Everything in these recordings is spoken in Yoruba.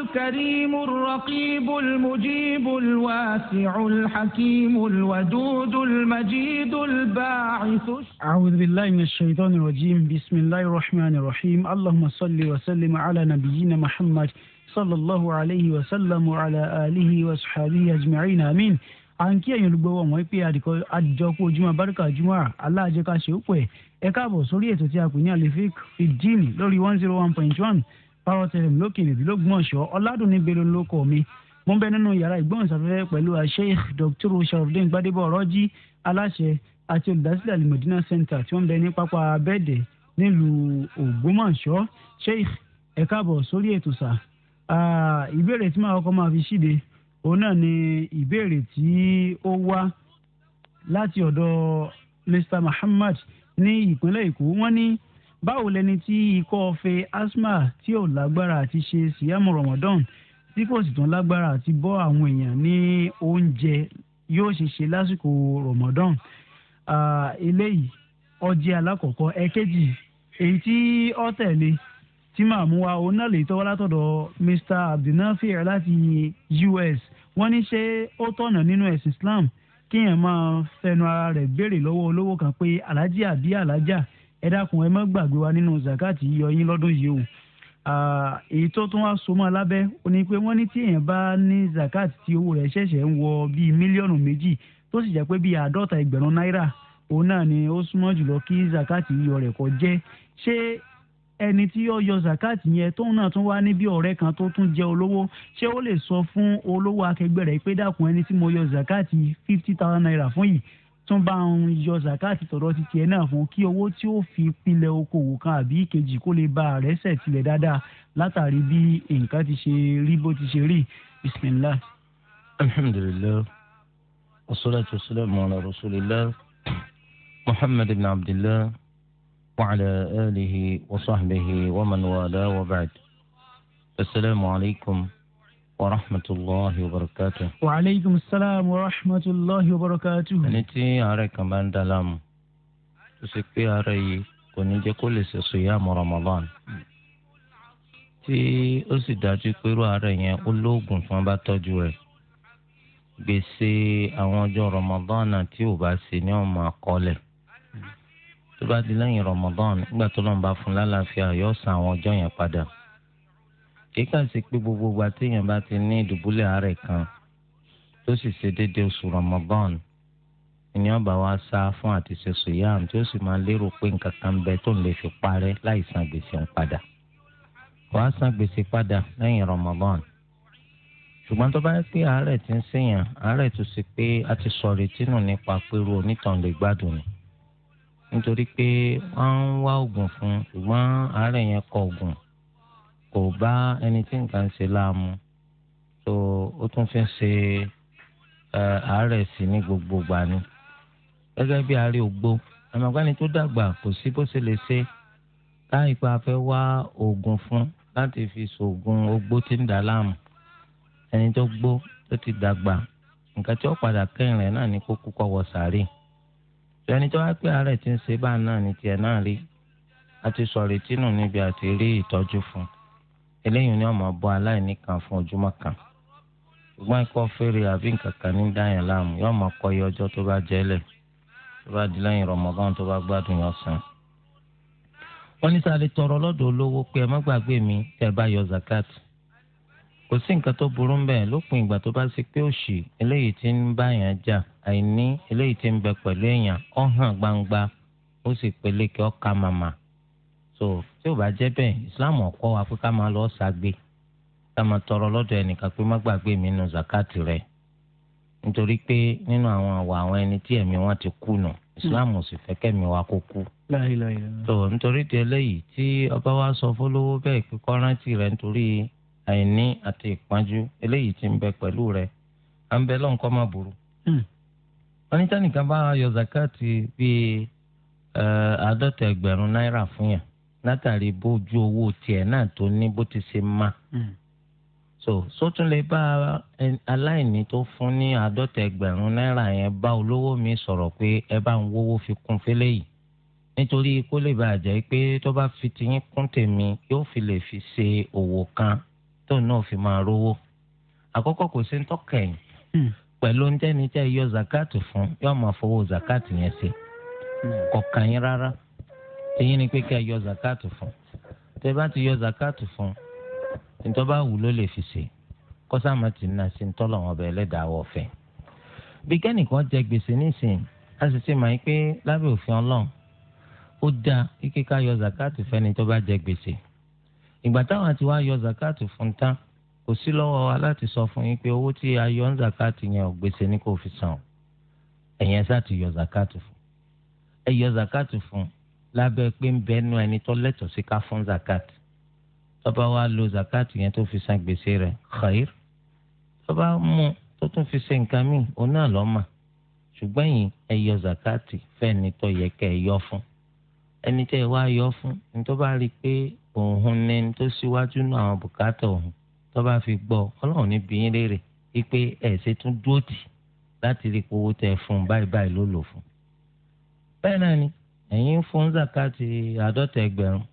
الكريم الرقيب المجيب الواسع الحكيم الودود المجيد الباعث أعوذ بالله من الشيطان الرجيم بسم الله الرحمن الرحيم اللهم صل وسلم على نبينا محمد صلى الله عليه وسلم وعلى آله وصحبه أجمعين آمين à ń kí ẹ̀yin olùgbọ́wọ́ wọn pé àdìjọpọ̀ ojúmọ́ abárúkà ojúmọ́ aláàjẹká ṣe ó pẹ́ ẹ káàbọ̀ sórí ètò tí a pè ní àlefik fìdíìnì lórí one zero one point one power tẹlifù lókè rèbí lógún ọ̀ṣọ́ ọ̀làdùnní belo lóko mi mo ń bẹ nínú yàrá ìgbóhùnsáfẹ́fẹ́ pẹ̀lú Sheikh Dr. sharafdin gbadebo ọ̀rọ́jì aláṣẹ àti olùdásílẹ̀ alimọ̀dínà center tí wọ́n ń bẹ ní pápá abẹ́ẹ̀dẹ̀ nílùú ògbómọ̀ṣọ́ sheikh Ekaabo káàbọ̀ sórí ètò sà ìbéèrè tí màá kọ́ máa fi ṣíde òun náà ni ìbéèrè tí ó wá láti ọ̀dọ̀ mr muhammad ní ìpínlẹ̀ èkó wọ́n ní báwo lẹni tí ikọ́ ọ̀fẹ́ asthma tí ò lágbára àti ṣe síyàmù Ramadan tí kò sì tún lágbára àti bọ́ àwọn èèyàn ní oúnjẹ yóò ṣe ṣe lásìkò Ramadan eléyìí ọjẹ́ alákọ̀ọ́kọ́ ẹ̀kejì èyí tí ó tẹ̀lé tí màá mú wa òun náà lè tọ́wọ́ látọ̀dọ̀ Mr Abdulnafi láti US wọ́n ní ṣé ó tọ̀nà nínú ẹ̀sìn Islam kíyàn máa fẹnu ara rẹ̀ béèrè lọ́wọ́ olówó kan pé aláàjì àbí aláàjà ẹ dákun ẹ má gbàgbé wa nínú zakat yíyọ yín lọ́dún yìí o èyí tó tún wá súnmọ́ alábẹ́ ó ní pé wọ́n ní tí èèyàn bá ní zakat tí owó rẹ̀ ṣẹ̀ṣẹ̀ ń wọ bíi mílíọ̀nù méjì tó sì jẹ́ pé bíi àádọ́ta ẹgbẹ̀rún náírà òun náà ni ó súnmọ́ jùlọ kí zakat yíyọ rẹ̀ kó jẹ́ ṣé ẹni tí ó yọ zakat yẹn tóun náà tún wá ní ọ̀rẹ́ kan tó tún jẹ́ olówó ṣé ó lè sọ fún olówó akẹgbẹ́ rẹ̀ pé dákun ẹni tí mo yọ zakat fifty thousand naira fún yìí tún bá ń yọ zakati tọ̀dọ̀ ti tiẹ̀ náà fún kí owó tí ó fi pilẹ̀ okòwò kan àbí ìkejì kó lè ba àrẹ́sẹ̀ tilẹ̀ dáadáa látàrí bí nǹkan ti ṣe rí bó ti ṣe rí bisimilah. alhamdulilayi wasalaatu wasalaamu ala rasulillah muhammad ibn abdillah wa alihi wa sahbihi wa man asalaamu alaykum. As warahmatulahi wabarakatu. wa aleykum salaam warahmatulahi wabarakatu. ẹni tí àárẹ̀ kan bá ń da láàmú tó ṣe pé àárẹ̀ yìí kò ní jẹ́ kó lè ṣe sùyàmù Ramadan tí ó sì dájú pé irú àárẹ̀ yẹn ó lóògùn tí wọ́n bá tọ́jú rẹ̀ gbèsè àwọn ọjọ́ Ramadan tí ò bá ṣe ni wọ́n máa kọ́lẹ̀ tó bá di lẹ́yìn Ramadan nígbà tó lọ́n bá fún lálàáfíà yóò san àwọn ọjọ́ yẹn padà kìí kàn ṣe pé gbogbo ìgbà téèyàn bá ti ní ìdùbúlẹ̀ àárẹ̀ kan tó sì ṣe déédéé oṣù Ramadan ni ọba wa sá fún àti ṣe sòyàm tí ó sì máa lérò pé nǹkan kan ń bẹ tó ń lè fi parẹ́ láì san gbèsè ń padà wàá san gbèsè padà lẹ́yìn Ramadan ṣùgbọ́n tó bá yẹ pé àárẹ̀ ti ń ṣèyàn àárẹ̀ tó ṣe pé a ti sọ̀rọ̀ tínú nípa pẹ̀lú onítàn lè gbádùn ni nítorí pé wọ́n ń wá oògùn fún ṣùgbọ́n àárẹ̀ yẹn kọ oògùn kò bá ẹni tí nǹkan ń ṣe láàmú tó ó tún fi ń ṣe àárẹ̀ sí ní gbogbo ìgbà ni gẹ́gẹ́ bí àárẹ̀ ògbó àmàgbáni tó dàgbà kò sí bó ṣe lè ṣe táyì pa fẹ́ wá oògùn fún láti fi ṣoògùn ogbó tí ń dà láàmú ẹni tó gbó tó ti dàgbà nǹkan tí ó padà kẹ́yìn náà ni kó kúkọ wọ sàárè ẹni tó wá pé àárẹ̀ tí ń ṣe báà náà ni tiẹ̀ náà rí àti sọ̀rètí níbi àti rí ìtọ́jú fún un eléyìí ni ọmọ máa bọ aláìní kan fún ojúmọ́ kan ṣùgbọ́n ikọ́ fèrè àbí nǹkan kan ní dáyàn láàmú yóò máa kọ́ iye ọjọ́ tó bá jẹ́lẹ̀ tó bá di lẹ́yìn Ramadan tó bá gbádùn olówó pé ẹ má mi yọ zakat kò sí nǹkan tó burú lópin ìgbà tó bá ṣe pé òṣì eléyìí ti ń bá yàn àìní eléyìí ti ń bẹ èèyàn gbangba ó sì peléke màmá so tí ò bá jẹ́ bẹ́ẹ̀ islam ọ̀kọ́ wa pé ká máa lọ ṣàgbé ká máa tọrọ lọ́dọ̀ ẹnìkan pé má gbàgbé mi nù zakati rẹ nítorí pé nínú àwọn àwọ àwọn ẹni tí ẹ̀mí wọn ti kú nù islam ò sì fẹ́ kẹ́mi wa kó kú. so nítorí ti eléyìí tí ọba wa sọ fọlọ́wọ́ bẹ́ẹ̀ pé kó rántí nítorí àìní àti ìpọ́njú eléyìí ti ń bẹ pẹ̀lú rẹ̀ à ń bẹ lọ́nkọ́ má burú. Hmm. wọ́n ní bá yọ zakati bíi eh, àádọ́ta ẹgbẹ̀rún náírà fún yàn látàrí bójú owó tiẹ̀ náà tó ní bó ti ṣe má. Hmm. so sótún lè bá aláìní tó fún ní àádọ́ta ẹgbẹ̀rún náírà yẹn bá olówó mi sọ̀rọ̀ pé ẹ bá ń wówó fi kún fẹ́lẹ́ yìí nítorí kó lè bàa jẹ́ pé tó bá fi tiyín kún tèmi yóò fi lè fi ṣe òwò kan tóun náà fi máa rówó àkọ́kọ́ kò sí ń tọ́kẹ̀yìn hmm. pẹ̀lú oúnjẹ ní tẹ́ yọ zakati fún yóò máa fowó zakati yẹn ṣe hmm. kọ̀ọ̀kan yín rárá èyí ni pé kí a yọ zakatu fún tẹ bá ti yọ zakatu fún ntọ́ba wù ló lè fi ṣe kọ́sàmà tì náà sí ntọ́lọ̀ wọn bẹ̀rẹ̀ lẹ́dàáwọ̀ fẹ́. bí kẹ́nìkan jẹ gbèsè nísìnyí a sì ti mọ̀ pé lábẹ́ òfin ọlọ́run ó dáa kíkẹ́ ká yọ zakatu fẹ́ni tó bá jẹ gbèsè. ìgbà táwọn àti wá yọ zakatu fún tán kò sí lọ́wọ́ wa láti sọ fún yín pé owó tí a yọ ń zakatu yẹn ò gbèsè ní kò fi san ẹ̀yẹn sá ti yọ zakatu fún ẹ yọ zakatu fún lábẹ́ pé ń bẹ́ẹ̀ nu ẹni tó lẹ́tọ̀ọ́ sí ká fún zakat tó bá wá lo zakat yẹn tó fi san gbèsè rẹ̀ khair tó bá mú tó tún fi ṣe nǹkan míì òun náà lọ́ mà ṣùgbọ́n yìí ẹ yọ zakat fẹ́ni tó yẹ kẹ́ ẹ yọ fún ẹni tẹ́ ẹ wá yọ fún ní tó rí i pé òun ní tó síwájú náà àwọn bùkátà òun tó fi gbọ́ ọlọ́run ní bí yín wípé ẹ̀ ṣe tún dúró tì láti rí i pé owó tẹ fún báyìí báyìí ló lò fún bẹ́ẹ̀ náà ni ẹ̀yin fún zakati àádọ́ta ẹgbẹ̀rún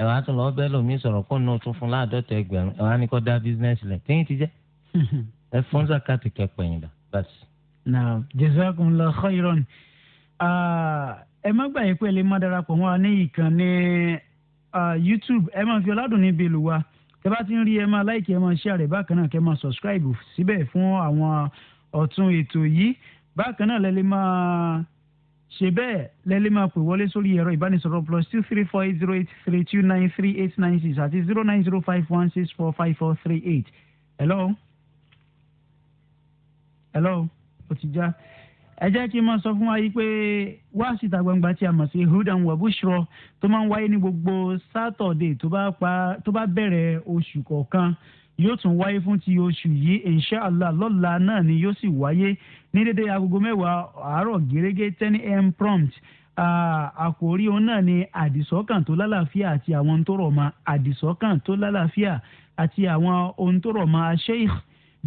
ẹ̀wà tún lọ́ọ́ bẹ́ẹ̀ lómi sọ̀rọ̀ kó nù tún fún láàdọ́ta ẹgbẹ̀rún ẹ̀wà ni kò dá bísínẹ́sì lẹ̀ téyìn ti jẹ́ ẹ fún zakati kẹpẹ̀yìn dà bàtì. na jazakumullahu khairan ẹ má gbàgbé pé lè má darapọ̀ wọn ní ìkànnì youtube ẹ máa fi ọládùn níbi ìlú wa tẹ bá ti ń rí ẹ máa láìkí ẹ máa share bákan náà kẹ máa subscribe síbẹ̀ fún àwọn ọ̀tún ètò yìí bákan náà lẹ lè ṣe bẹ́ẹ̀ lẹ́lẹ́ máa pè wọlé sórí ẹ̀rọ ìbánisọ̀rọ̀ plus two three four eight zero eight three two nine three eight nine six àti zero nine zero five one six four five four three eight. hello hello ó ti já ẹ jẹ́ kí n máa sọ fún wa yìí pé wá síta gbangba tí a mọ̀ sí hudan wabushro tó máa ń wáyé ní gbogbo sátọ̀dé tó bá bẹ̀rẹ̀ oṣù kọ̀ọ̀kan yóò tún wáyé fún ti oṣù yìí inshallah lọ́la náà ni yóò sì wáyé ní dédé agogo mẹ́wàá àárọ̀ gẹ́gẹ́ ten am prompt àkòrí òun náà ni àdìsọ́kàn tó lálàáfíà àti àwọn ohun tó rọ̀ mọ́ àdìsọ́kàn tó lálàáfíà àti àwọn ohun tó rọ̀ mọ́ sheikh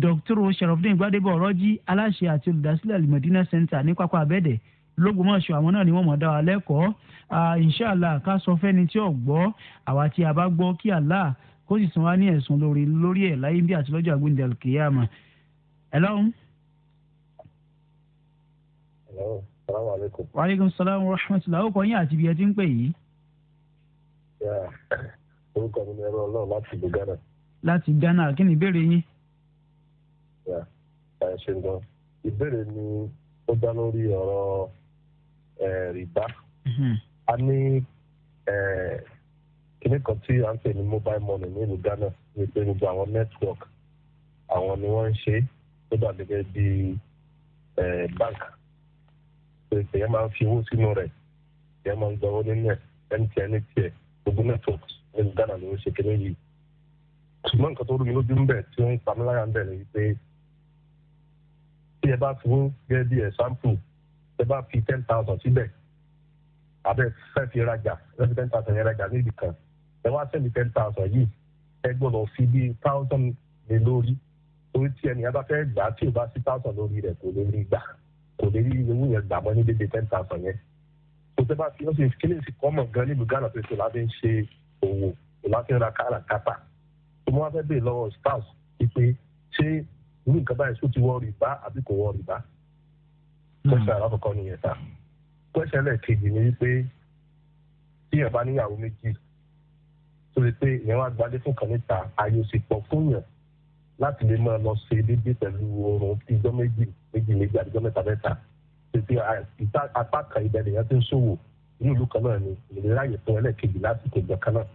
dr sharafdin gbadebo ọ̀rọ́jì aláṣẹ àti olùdásílẹ̀ alimọ̀dínà center ní pápá abẹ́dẹ̀ lógbómọ̀ṣọ́ àwọn náà ni wọ́n mọ̀ dá wa lẹ́kọ̀ọ́ inshallah ká sọ fẹ́ni tí ò gbọ́ àwa tí a bá gbọ́ kí allah kó sì san wá ní ẹ̀sùn lórí lórí ẹ̀ láyé bí àti lọ́jọ́ àgbéǹde alkiyama. hello. hello salaamaleykum. waaleykum salaam wa rahmatulah ó kọ ati àti ibi ẹ ti ń pè yìí. orúkọ mi ni ẹrọ Ọlọ́run láti ìlú Ghana. láti Ghana kí ni ìbéèrè yín. ẹ ṣe ń ìbéèrè ni ó dá lórí ọ̀rọ̀ rìbá mhm. a ní kíní kan tí à ń pè ní mobile money nílùú Ghana ni pé gbogbo àwọn network àwọn ni wọ́n ń ṣe tó dà gẹ́gẹ́ bí bank pé èèyàn máa ń fi owó sínú rẹ̀ èèyàn máa ń gba owó nínú ẹ̀ MTN tiẹ̀ gbogbo network nílùú Ghana ni wọ́n ṣe kíní yìí ṣùgbọ́n nǹkan tó rú mi lójú ń bẹ̀ tí ó ń pa mí lára ń bẹ̀ ni pé tí ẹ bá fowó gẹ́gẹ́ bí ẹ̀ ẹ bá fi ten thousand síbẹ̀ abẹ́ fẹ́ fi rajà fẹ́ fi ten thousand yẹn rajà níbi kan ẹ wá sẹ́ni ten thousand yìí ẹ gbọ́dọ̀ fi bí thousand lé lórí torí tí ẹnì yẹn bá fẹ́ gbà tí o bá sí thousand lórí rẹ̀ kò lè rí gbà kò lè rí owó yẹn gbà mọ́ ní dédé ten thousand yẹn tó tẹ́ bá fi ó sì kílè sí kọ́mọ̀ gan nílùú Ghana tó ṣe láti ń ṣe òwò láti ń ra káràkátà tó mọ́ wá fẹ́ bèè lọ́wọ́ stars wípé ṣé irú nǹkan báyìí sùn ti wọ́ rìbá àbí kò wọ́ rìbá pẹ́sẹ̀ hmm. alákọ̀ọ́kọ́ nìyẹn ta pẹ́sẹ̀ lẹ́ẹ̀kejì ni wípé tíyẹn bá níyàwó méjì torí pé ìyẹn wá gbalé fún kan níta ààyè ò sì pọ̀ fún yàn láti lè máa lọ ṣe déédéé pẹ̀lú oorun ìjọ́ méjì méjì méjì àdìjọ́ mẹ́ta mẹ́ta tètè apá kan ibẹ̀ nìyẹn ti ń ṣòwò inú ìlú kan náà ni ìlera yìí fún ẹlẹ́ẹ̀kejì lásìkò ìjọ kan náà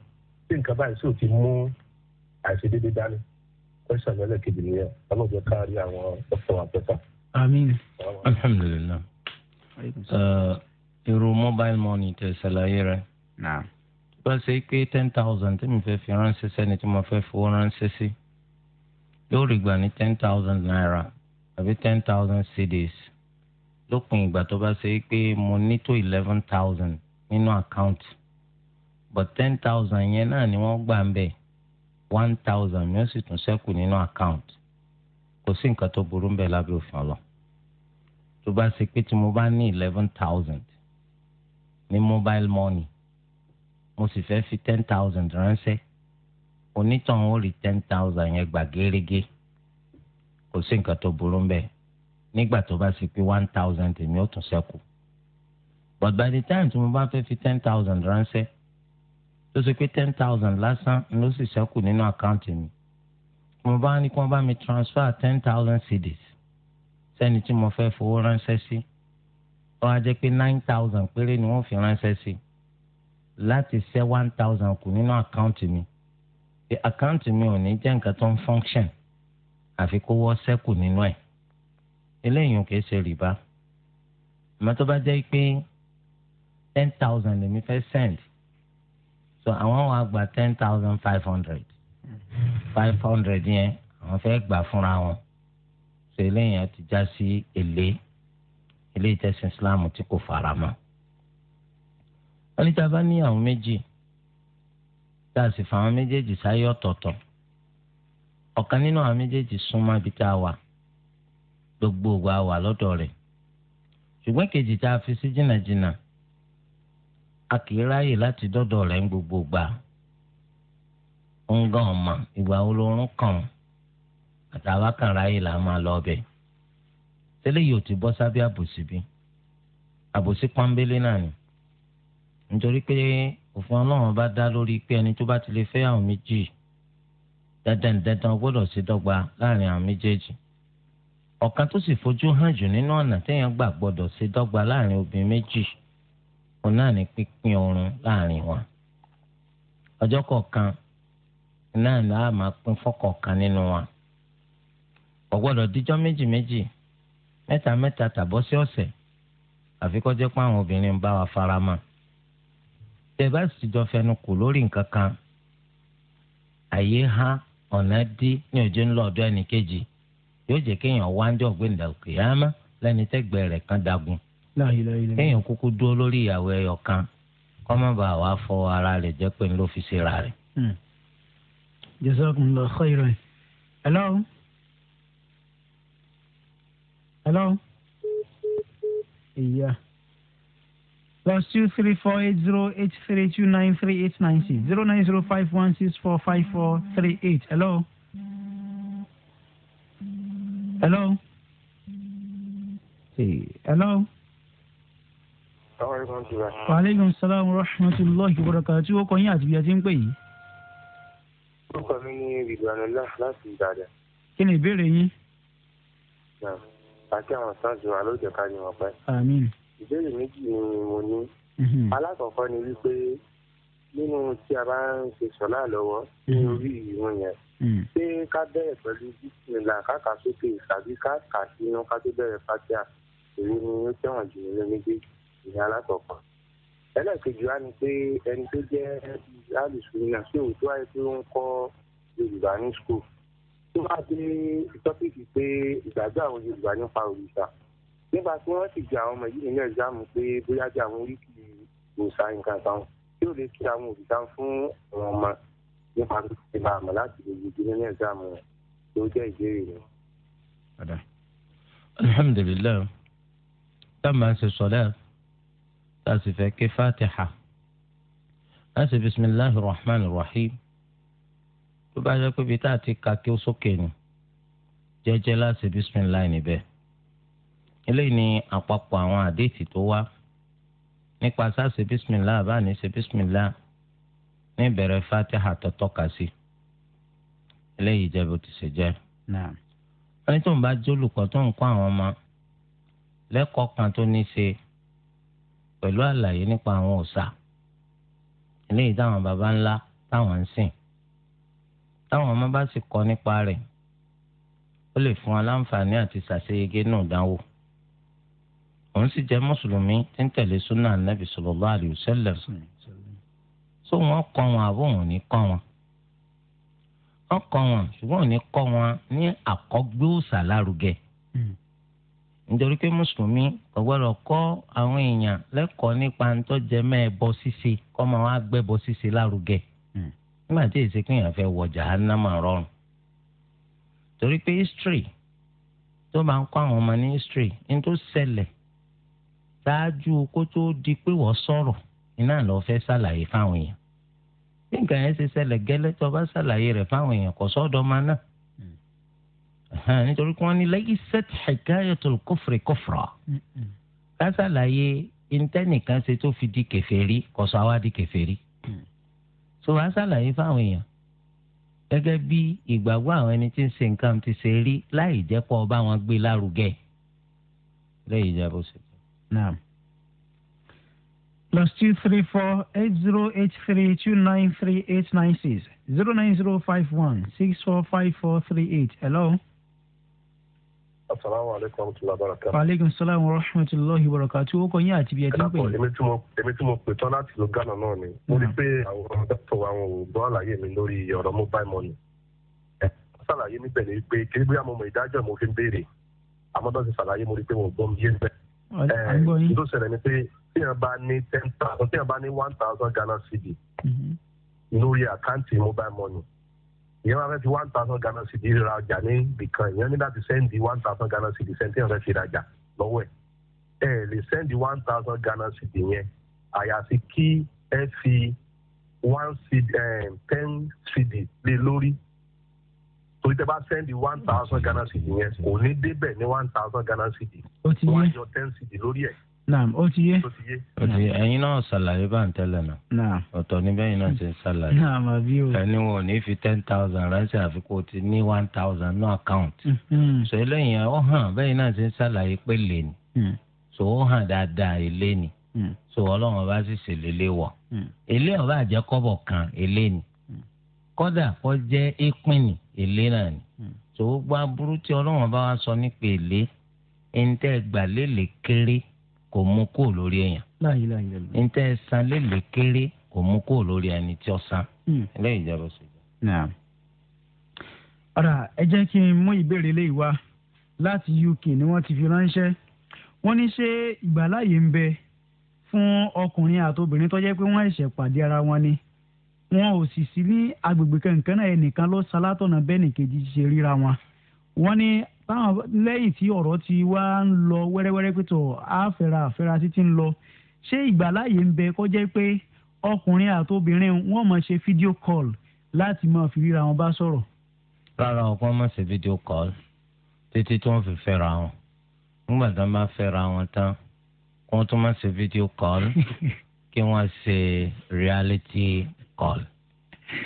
tí nǹkan báyìí sì ò ti mú àìṣedéédéé dání pẹ́sàn ẹlẹ́ẹ̀kejì nìyẹn ọlọ́jọ́ káàrí àwọn ọ̀fọ̀ àpẹta. àmín alhamdulilayi èrò mobile money tẹ ṣàlàyé rẹ. naam tó ń ṣe pé ten thousand tí mi fẹ́ fi ránṣẹ́ sẹ́ni tí mo fẹ́ fowó ránṣẹ́ sí yóò rí gbà ní ten thousand naira àbí ten thousand CDs. lópin ìgbà tó bá ṣe pé mo ní tó eleven thousand nínú account, but ten thousand yẹn náà ni wọ́n gbà ń bẹ̀ one thousand yóò sì tún ṣẹ́kù nínú àkáǹtì kò sí nǹkan tó burú ń bẹ̀ lábẹ́ òfin ọlọ́ tó bá ṣe pé tí mo bá ní eleven thousand ní mobile money mo sì fẹ́ fi ten thousand ránṣẹ́ onítàn ó rí ten thousand yẹn gbà gérégé kò sí nǹkan tó burú mbẹ nígbà tó bá sì pé one thousand èmi ó tún ṣẹ́kù but by the time tí mo bá fẹ́ fi ten thousand ránṣẹ́ tó ṣe pé ten thousand lásán ló sì ṣẹ́kù nínú àkáǹtì mi mo bá ní kí wọ́n bá mi transfer ten thousand cedis sẹ́ni tí mo fẹ́ fowó ránṣẹ́ sí ó wá jẹ́ pé nine thousand péré ni wọ́n fi ránṣẹ́ sí. Si láti ṣẹ́ one thousand kù nínú àkáǹtì mi pé àkáǹtì mi ò ní jẹ́ nǹkan tó ń function àfi kó wọ́ sẹ́kù nínú ẹ̀ eléyìí kìí ṣe rìbá àmọ́ tó bá jẹ́ pé ten thousand lèmi fẹ́ send so àwọn wa gba ten thousand five hundred five hundred yẹn àwọn fẹ́ gbà fúnra wọn so eléyìí ti já sí èlé ilé ìjẹsìn Islam tí kò fara mọ́ wọ́n ní tá a bá ní àwọn méjì tá a sì fa àwọn méjèèjì sáyé ọ̀tọ̀ọ̀tọ̀ ọ̀kan nínú àwọn méjèèjì súnmọ́ ibi tá a wà gbogbo ògbà wà lọ́dọ̀ rẹ̀ ṣùgbọ́n kejì tá a fi sí jìnnàjìnnà a kì í ráyè láti dọ́dọ̀ rẹ̀ ń gbogbo gbà ń ọ̀mà ìgbà olórun kàn àtàwọn kan ráyè là máa lọ ọbẹ̀ tẹ́lẹ̀ yìí ò ti bọ́ sábẹ́ àbòsí bí àbòsí pọ́nbélé náà ni nítorí pé òfin ọlọ́run bá dá lórí pé ẹni tó bá ti lè fẹ́ àwọn méjì dandan dandan gbọ́dọ̀ sí dọ́gba láàrin àwọn méjèèjì ọ̀kan tó sì fojú hàn jù nínú ọ̀nà téèyàn gbà gbọ́dọ̀ sí dọ́gba láàrin obìnrin méjì òun náà ní pínpín oorun láàrin wọn ọjọ́ kọ̀ọ̀kan náà ni a máa pín fọ́kọ̀ọ̀kan nínú wọn kò gbọ́dọ̀ díjọ́ méjì méjì mẹ́ta mẹ́ta tàbọ́ sí ọ̀sẹ̀ àfi pé àwọn obìnrin ń bá wa fara mọ́ tẹ́ bá sì jọ fẹnu kò lórí nǹkan kan àyè há ọ̀nà dí ní òjò ńlọ ọ̀dọ̀ ẹnì kejì yóò jẹ́ kéèyàn wá ń jọ gbẹ̀ndà kìyàmá lẹ́ni tẹ́gbẹ́ rẹ̀ kan dagun kéèyàn kúkú dúró lórí ìyàwó ẹyọ kan kó má bàa wá fọ ara rẹ̀ jẹ́ pé ló fi ṣe ra rẹ̀. Hmm. jazakumullahu khairan hello hello. plus two three four eight zero eight three two nine three eight nine six zero nine zero five one six four five four three eight. Hello. Hello. Hey. Hello. Waaleykum salaam wa rahmatulahi wa barakatuh. Ó kọ́ yín àti bí a ti ń pè yìí. Orúkọ mi ni Ridwanulá láti Ìbàdàn. Kí ni ìbéèrè yín? Àti àwọn sáǹsì wa ló jẹ́ ká ní wọn pẹ́. Àmín ìbéèrè méjì ni mo ní. Mhm. alákọ̀ọ́kọ́ ni wípé nínú tí a bá ń ṣe sọ̀lá lọ́wọ́ ní mhm. orí ìrun yẹn mhm. ṣé ká bẹ̀rẹ̀ pẹ̀lú bísímìlà káka sókè tàbí káka sínú ká tó bẹ̀rẹ̀ fàtíà èyí ni ó tẹ̀wọ̀n jù nínú méjèèjì ìyẹn alákọ̀ọ́kọ́ ẹlẹ́ẹ̀kejì wá ni pé ẹni tó jẹ́ alùsùn náà ṣé òótọ́ àyè pé ó ń kọ́ yorùbá ní skul tó bá dé tọ́pìkì pé ìgbàgbọ́ àwọn yorùbá nípa òrìṣà nígbà tí wọ́n sì gba àwọn ọmọ yìí nínú ẹ̀gbáàmù pé bóyá bí àwọn oríkì òòṣà nǹkan kan tí ó lè kí àwọn òṣìṣẹ́ fún àwọn ọmọ nípa pípẹ́ bá àmọ́ láti lè yege nínú ẹ̀gbáàmù tó jẹ́ ìbéèrè rẹ̀. alhamdulilayi tá a máa ṣe sọlẹ tá a sì fẹ́ ké fatiha a sì bisimilahi rahman rahim tó bá yẹ pé bí tá a ti ka kí ó sókè ni jẹ́jẹ́ láti bisimilahi níbẹ̀ eléyìí ni àpapọ̀ àwọn àdéhìtì tó wá nípa sáṣe bísímìlá àbáàní ṣe bísímìlá ní ìbẹ̀rẹ̀ fatiha tọ́tọ́ kà sí eléyìí jẹ́ bó ti ṣe jẹ́. ẹni tó ń bá jólùkọ́ tó ń kọ́ àwọn ọmọ lẹ́kọ̀ọ́ kan tó ní ṣe pẹ̀lú àlàyé nípa àwọn òòṣà eléyìí táwọn baba ńlá táwọn ń sìn táwọn ọmọ bá sì kọ́ nípa rẹ̀ ó lè fún wa àti ṣàṣeyege náà dánwò. òun sì jẹ́ mùsùlùmí tí ń tẹ̀lé súnà nàbì sallallahu so wọ́n kọ́ wọn wọn ní kọ́ wọn wọ́n kọ́ wọn ní àkọ́gbé lárugẹ hmm. nítorí pé mùsùlùmí kò kọ́ àwọn èèyàn lẹ́kọ̀ọ́ nípa kọ́ máa wá lárugẹ hmm. nígbà tí ṣáájú kó tó di pé wọ́n sọ̀rọ̀ iná lọ fẹ́ ṣàlàyé fáwọn èèyàn bí nǹkan yẹn ṣe ṣẹlẹ̀ gẹ́lẹ́ tó bá ṣàlàyé rẹ̀ fáwọn èèyàn kò sọ́dọ̀ máa náà nítorí wọn ní lẹ́yìn set hikayatul kufri kufra ká ṣàlàyé intanẹ̀kan ṣe tó fi di kèfèrí kò sọ àwa di kèfèrí tó wàá ṣàlàyé fáwọn èèyàn gẹ́gẹ́ bí ìgbàgbọ́ àwọn ẹni tí ń ṣe nǹkan ti ṣe rí láì jẹ́ pọ̀ bá wọn gbé lárugẹ lẹ́yìn ìjábọ̀ ṣe naam plus two three four eight zero eight three two nine three eight nine six zero nine zero five one six four five four three eight hello. asalaamualeykum wa rahmatulahi wa barakatu. waaleykum salaam wa rahmatulahi wa barakatu. o kò yín àti bí ẹ ti ń pè. èmi tí mo pè tán láti lo Ghana náà ni. mo rí i pé àwọn dókítà wa ò gbọ́ àlàyé mi lórí ọ̀rọ̀ mobile money. ẹ ṣàlàyé níbẹ̀ ni pé kí ni bóyá mo mọ ìdájọ́ mo fi ń béèrè àmọ́ tó ti ṣàlàyé mo rí i pé mo gbọ́ mi yé bẹ́ẹ̀ ẹ tó ṣẹlẹ̀ ni pé a bá ní ten thousand téèyàn bá ní one thousand Ghana cedi mm-hmm. lórí àkáǹtì mobile money ìyẹn wàá fẹ́ fi one thousand Ghana cedi ra ọjà ní ibìkan ìyẹn ní láti sẹ́ndì one thousand Ghana cedi sẹ́ńtéèyàn fẹ́ fi rajà lọ́wọ́ ẹ̀ ẹ lè sẹ́ndì one thousand Ghana cedi yẹn àyàfi kí ẹ fi one cd eh, ten cd lé lórí torí tẹ bá sẹ́ndì one thousand Ghana cedi yẹn kò ní débẹ̀ ní one thousand Ghana cedi wọ́n á yọ ten cedi lórí ẹ̀ naam ó ti yé. ó ti yé ẹ̀yin náà ṣàlàyé bá ń tẹ́lẹ̀ náà. naam ọ̀tọ̀ ní bẹ́yìn náà ṣe ṣàlàyé. naam àbí o. ẹni wọn ní fi ten thousand ránṣẹ́ àfi kó o ti ní one thousand no account. Mm-hmm. sọ eléyìí ó hàn bẹ́yìn náà ṣe ṣàlàyé pé lè ní. Mm. sọ ó hàn dáadáa èlé ni. Mm. sọ ọlọ́run ọba sì ṣèlè lé wọ̀. Mm. èlé ọba àjẹkọ́bọ̀ kan èlé ni. kódà kó jẹ́ ìpín ni èlé náà ni tó hmm. gbogbo aburú tí ọlọ́run bá wa sọ nípa èlé ntẹ́ gbà lélè kéré kò mú kó lórí èèyàn ntẹ́ san lélè kéré kò mú kó lórí ẹni tí ó san lẹ́yìn ìjọba ṣèjọ. ọ̀rà ẹ jẹ́ kí n mú ìbéèrè lè wá láti UK ni wọ́n ti fi ránṣẹ́ wọ́n ní ṣé ìgbàláyè ń bẹ fún ọkùnrin àtobìnrin tó jẹ́ pé wọ́n ṣẹ̀ṣẹ̀ pàdé ara wọn ni wọn ò sì sí ní agbègbè kankan náà ẹnìkan ló salátọ̀nà bẹ́ẹ̀ nìkejì ṣe ríra wọn wọn ní táwọn lẹ́yìn tí ọ̀rọ̀ ti wá ń lọ wẹ́rẹ́wẹ́rẹ́ pẹ̀tọ̀ àfẹ́ra àfẹ́ra títí ń lọ ṣé ìgbàláyè ń bẹ kọjá pé ọkùnrin àtobìnrin wọn máa ṣe fídíò kọ́ọ̀lù láti máa fi ríra wọn bá sọ̀rọ̀. rárá ọkọ máa ṣe fídíò kọ́ọ̀lù títí tí wọ́n fi fẹ́ra wọn nígbà tí wọ́n bá fẹ́ra wọn tán wọ́n tún máa ṣe fídíò kọ́ọ̀lù kí wọ́n ṣe reality call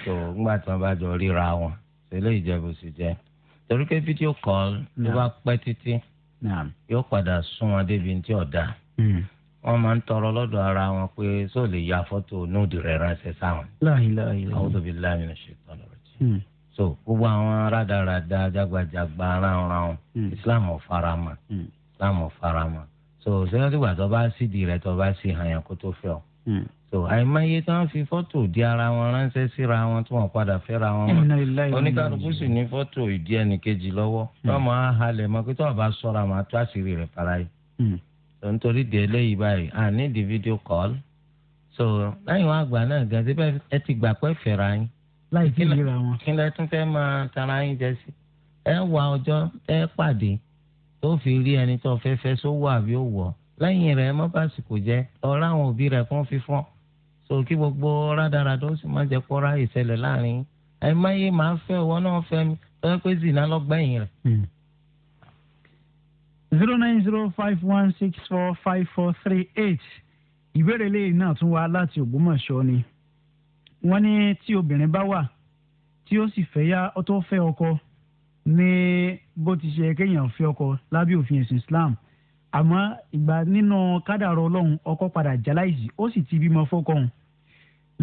so nígbà tí wọ́n bá jọ ríra wọn ṣẹlẹ̀ ìjẹ́bù sì jẹ́ torí pé video call ló bá pẹ́ títí yóò padà sún wọn débi tí ọ̀dà hmm. wọ́n máa ń tọrọ lọ́dọ̀ ara wọn pé sóò lè ya fọ́tò nóòdù rẹ̀ ránṣẹ́ sáwọn. a'udhu billahi minash shaitani rajim hmm. so gbogbo àwọn rádaràda jágbajàgba ránranran hmm. islam ò faramọ́ islam ò faramọ́ so sẹ́yìn tó gbà tó bá sídìí rẹ̀ tó bá sí hàn yẹn kó tó fẹ́ ọ. Hmm. so àìmọye tí wọn fi fọ́tò di ara wọn ránṣẹ́ síra wọn tí wọn padà fẹ́ra wọn mọ́ oníkàlùkù sì ní fọ́tò ìdí ẹnìkejì lọ́wọ́ lọmọ hmm. ahalẹ mọ pé tí wọn bá ṣọ́ra máa tó àṣírí rẹ̀ para yìí tó ń torí di eléyìí báyìí à ní di fídíò kọ́ọ̀lù so lẹ́yìn wọn àgbà náà gan síbẹ̀ ẹ ti gbà pé fẹ́ra yín láì sí ìlera wọn kí lẹ tún fẹ́ máa tara yín jẹ sí ẹ wà ọjọ́ ẹ pàdé tó fi rí ẹni tó fẹ́ fẹ́ sówó àbí òwò lẹ́yìn rẹ̀ má bá sìkò jẹ́ ọ̀rọ̀ àwọn òbí rẹ̀ fún fífọ́n so kí gbogbo rádaràdà ó sì má jẹ́ kóra ìṣẹ̀lẹ̀ láàrin ẹ̀ má yé màá fẹ́ ọwọ́ náà fẹ́ mi tọ́jú pé zina lọ́gbẹ̀yìn rẹ̀. Hmm. zero nine zero five one six four five four three eight ìbéèrè lẹ́yìn náà tún wá láti Ògbómọ̀ṣọ́ ni wọ́n ní tí obìnrin bá wà tí ó sì fẹ́ yá ó tó fẹ́ ọkọ ní bó ti ṣe kéèyàn fẹ́ ọkọ lábẹ́ òfin ẹ̀sìn Islam. àmọ́ ìgbà nínú kádàrọ̀ ọlọ́run ọkọ padà jaláìsì ó sì ti bímọ fọ́kọ̀hún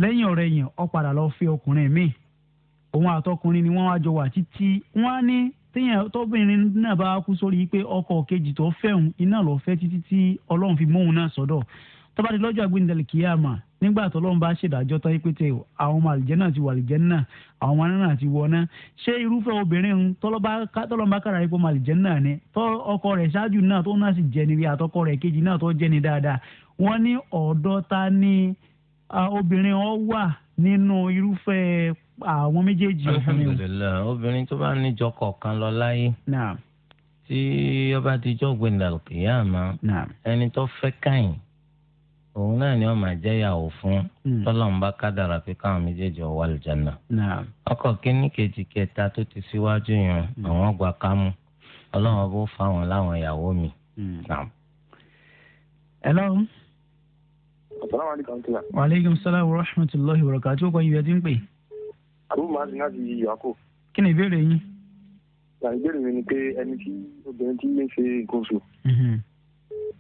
lẹ́yìn ọ̀rẹ́ yẹn ó padà lọ fẹ́ ọkùnrin míì òun àtọkùnrin ni wọ́n wá jọ wà títí wọ́n á ní téèyàn tóbìnrin náà bá kú sórí pé ọkọ kejì tó fẹ́hùn iná lọ fẹ́ títí tí ọlọ́run fi móhun náà sọ́dọ̀ tó bá di lọ́jọ́ àgbéǹdàlì kìyàmà nígbà tó lọ́n bá ṣèdájọ́ tán yí pété àwọn ọmọ àlìjẹ́ náà ti wà àlìjẹ́ náà àwọn ọmọ náà ti wọná ṣé irúfẹ́ obìnrin ń tọ́lọ́mbà kára ipò ọmọ àlìjẹ́ náà ni tọ́ ọkọ rẹ̀ ṣáájú náà tó náà sì jẹ́ níbi àtọkọ rẹ̀ kejì náà tó jẹ́ ní dáadáa wọ́n ní ọ̀dọ́ ta ni obìnrin ọ wà nínú irúfẹ́ àwọn méjèèjì ọkùnrin. alhamdulilayi obìnrin tó bá ní jọkọ̀ kan lọ láyé tí òun náà ni wọn máa jẹ ìyàwó fún hmm. tọlọmùbá kádàrà pé káwọn méjèèjì ọwọ àlùjáná ọkọ kínní kejì kẹta tó ti síwájú yẹn hmm. àwọn gba kámú Ọlọ́run bó fa wọn láwọn ìyàwó mi. Hmm. hello. asalaamualeykum tila. waaleykum salaam wa rahmatulahi wa barakatuh kò yíyá tí ń pè. àbúrò màá sin láti yíyọ àkó. kí ni ìbéèrè yín. ìbéèrè mi ni pé ẹni tí obìnrin ti ń ṣe nǹkan oṣù.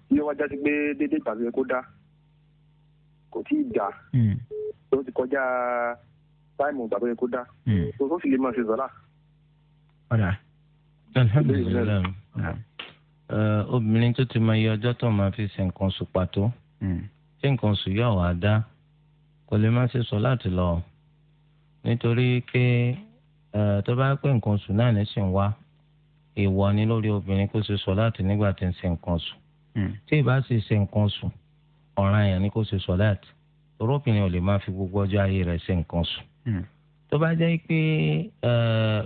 yíyọ wájú sí pé déédéé ìgbà tó yẹ kó dá kò tí ì dá tó hmm. ti kọjá táìmù ìgbà tó yẹ kó dá tó hmm. tó sì lè máa ṣe zọlá. ọ̀dà alhamdulilayi hmm. uh, obìnrin tó ti máa yọ ọjọ́ tó máa fi ṣe nǹkan oṣù pàtó tí nǹkan oṣù yóò wá dá kò lè má ṣe sọ láti lọ nítorí pé uh, tó bá pé nǹkan oṣù náà ní sì ń wá èèwọ̀ ni lórí obìnrin kó ṣe sọ láti nígbà tí ń ṣe nǹkan oṣù tí ì bá sì ṣe nǹkan oṣù ọ̀ràn yẹn ni kó ṣe sọ̀láàtì torọ́pìnrin ò lè máa fi gbogbo ọjọ́ ayé rẹ̀ ṣe nǹkan sùn. Hmm. tó bá jẹ́ pé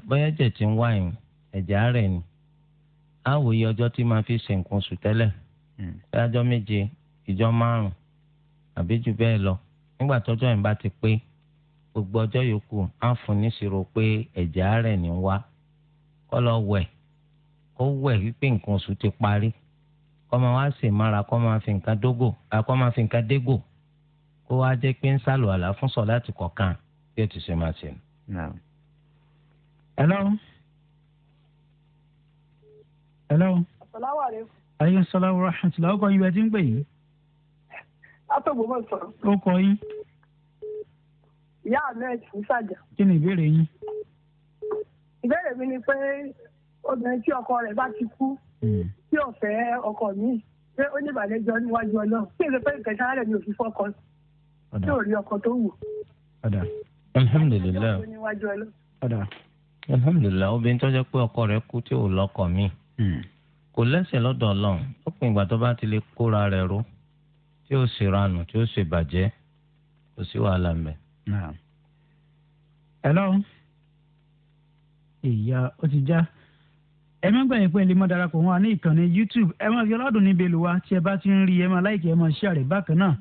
bọ́yẹ̀jẹ̀ ti ń wáyìn ẹ̀jẹ̀ àárẹ̀ ni á wòye ọjọ́ tí máa fi ṣe nǹkan sùn tẹ́lẹ̀ dájọ́ hmm. méje ìjọ márùn-ún àbí jù bẹ́ẹ̀ lọ nígbà tọ́jọ́ yẹn bá ti pé gbogbo ọjọ́ yòókù á fún níṣirò pé ẹ̀jẹ̀ àárẹ̀ ni wá kó lọ wẹ̀ kó wẹ̀ wípé nǹkan oṣù ti parí kọ́ máa wá sì mára kọ́ máa fi nǹkan dógò kọ́ máa fi nǹkan dégò kó wá jẹ́ pé ń sálò àlá fún sọ láti kọ̀ọ̀kan bí ó ti ṣe máa ṣe. hello. hello. asalaamualeykum. ayé sọláwó rahmatulah ọkọ yìí bẹ́ẹ̀ ti ń pè yín. látọ̀gbọ́n mọ̀ sọ̀rọ̀. ó kọ yín. ìyá ahmed ìsàjà. kí ni ìbéèrè yín. ìbéèrè mi ni pé obìnrin tí ọkọ rẹ̀ bá ti kú. Mm tí ò fẹ́ ọkọ mi pé ó ní ìbàlẹ́jọ́ níwájú ọlọ́run tí èso pé ìkẹta rẹ̀ ni òfin fọkọ tí ò rí ọkọ tó wù. alhamdulilayi alhamdulilayi obìnrin tó jẹ́ pé ọkọ rẹ̀ kú tí ò lọ́kọ mi hmm. kò lẹ́sẹ̀ lọ́dọ̀ ọlọ́run ó pin ìgbà tó bá ti lè kóra rẹ̀ ró tí ó sì ranù tí ó sì bàjẹ́ kò sí wàhálà mẹ́. hello ìyá ó ti já ẹ má gbàgbé pé lè má darapọ̀ wọn ní ìkànnì youtube ẹ máa fi ọlọ́dún níbi èlò wa tí ẹ bá ti ń rí ẹ máa láìkí ẹ máa share bákan náà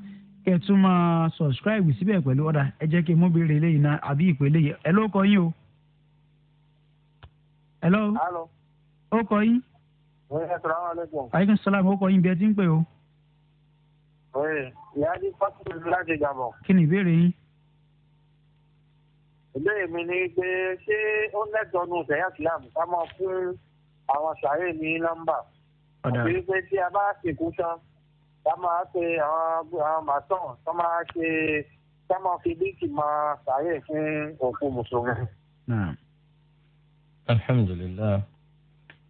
kẹ tún máa subscribe síbẹ̀ pẹ̀lú ọ̀dà ẹ jẹ́ kí n mú béèrè eléyìí náà àbí ìpele yìí ẹ ló kọ yín o. hello. hello. O kọ yín. aleykum salaam ó kọ yín bí ẹ ti ń pè o. ìyá ní pátí mi láti jàbọ̀. kí ni ìbéèrè yín ìbéèrè mi ni pé ṣé ó lẹ́tọ̀ọ́ nù sẹ́yà sílámù ká máa fún àwọn sàárè ní nọ́mbà àti pé tí a bá sìnkú tán ká máa pe àwọn màsán ká máa ṣe ká máa fi bíkì máa sàárè fún òkú mùsùlùmí. alhamdulilayi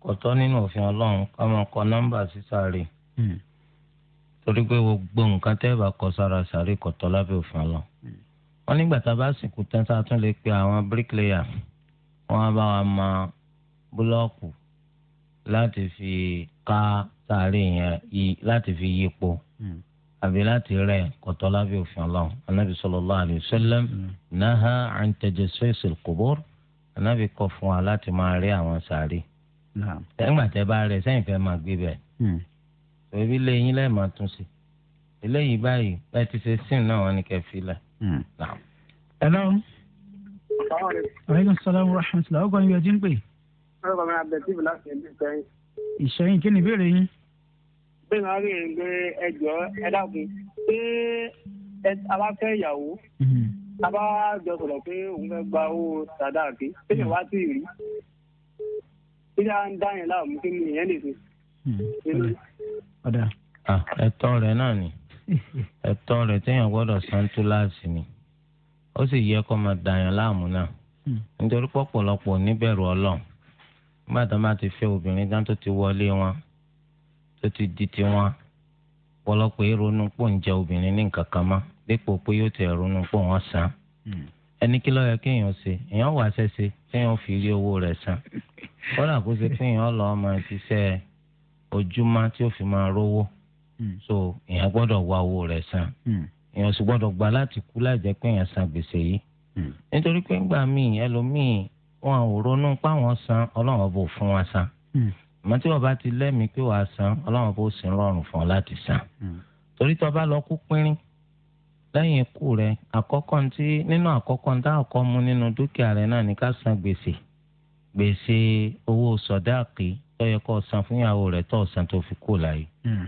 kò tọ́ nínú òfin ọlọ́run ká máa kọ nọ́mbà sí sàárè hmm. torí pé gbogbo nǹkan tẹ́ ẹ bá kọ sára sàárè kò lábẹ́ òfin ọlọ́run hmm. wọn nígbà tá a bá sìnkú tán tá a tún lè pe àwọn bíríkìlẹ́yà wọn bá wa ma búlọ́ọ̀kù láti fi ká sáré yẹn láti fi yípo hmm. àbí láti rẹ̀ kọ̀tọ́ lábẹ́ òfin ọlọ́run anábì sallallahu alayhi wa sallam hmm. naha an tajassus al-qubur anábì kọ̀ fún wa láti máa rí àwọn sáré ẹgbà tẹ bá rẹ sẹ́yìn fẹ́ máa gbé bẹ́ẹ̀ òbí hmm. lẹ́yìn lẹ́ẹ̀ máa tún sí eléyìí báyìí bẹ́ẹ̀ ti ṣe sìn náà wọn ni kẹ́ fi lẹ̀. ẹ lọ́run. aleykum salaam wa rahmatulah ọgbọ́n ibi ẹjí ń pè é orúkọ mi abẹ́tí bìlá sí ẹbí ìsẹ́yìn. ìsẹ́yìn kí ni ìbéèrè yín. bẹ́ẹ̀ máa rí ìrìn pé ẹ jọ ẹ dákun pé a bá fẹ́ ìyàwó hmm. a bá jọ sọ̀rọ̀ pé òun fẹ́ gba owó sàdáàkì pé ìwà tí ì rí kí ni a ń dá yẹn láàmú kí ni ìyẹn lè fi. Hmm. ọ̀dà ẹ̀tọ́ rẹ̀ náà ni ẹ̀tọ́ rẹ̀ téèyàn gbọ́dọ̀ san tó láàsì ni ó sì yẹ kó máa dàyàn láàmú náà hmm. nítorí pọ̀pọ̀lọpọ̀ níbẹ̀rù ọlọ́run nígbà máa ti fẹ́ obìnrin tó ti wọlé wọn tó ti di ti pọ̀lọpọ̀ ìrònú pò ń jẹ obìnrin ní nǹkan kan mọ́ dípò pé yóò tẹ ìrònú pò wọn san hmm. ẹni kí ló kéèyàn ṣe èèyàn wà sẹ́sẹ́ kéèyàn fi rí owó san kó ṣe kéèyàn lọ ojúmọ́ tí ó fi máa rówó hmm. so èèyàn gbọ́dọ̀ wá owó rẹ̀ san hmm. èèyàn sì gbọ́dọ̀ gbà láti kú láì jẹ́ pé san gbèsè yìí nítorí pé ńgbà míì ẹlòmíì wọn ò ronú páwọn san ọlọ́run ọba ò fún wa san hmm. àmọ́ tí wọ́n bá ti lẹ́mìí pé wàá san ọlọ́run ọba ò sì ń rọrùn fún ọ láti san hmm. torí tó bá lọ kú pínrín lẹ́yìn ikú rẹ àkọ́kọ́ ntí nínú àkọ́kọ́ ntá àkọ́ mu nínú dúkìá rẹ náà ní ká san gbèsè gbèsè owó sọdáàkì tó yẹ san fún ìyàwó rẹ tó san tó fi kú láyé. Hmm.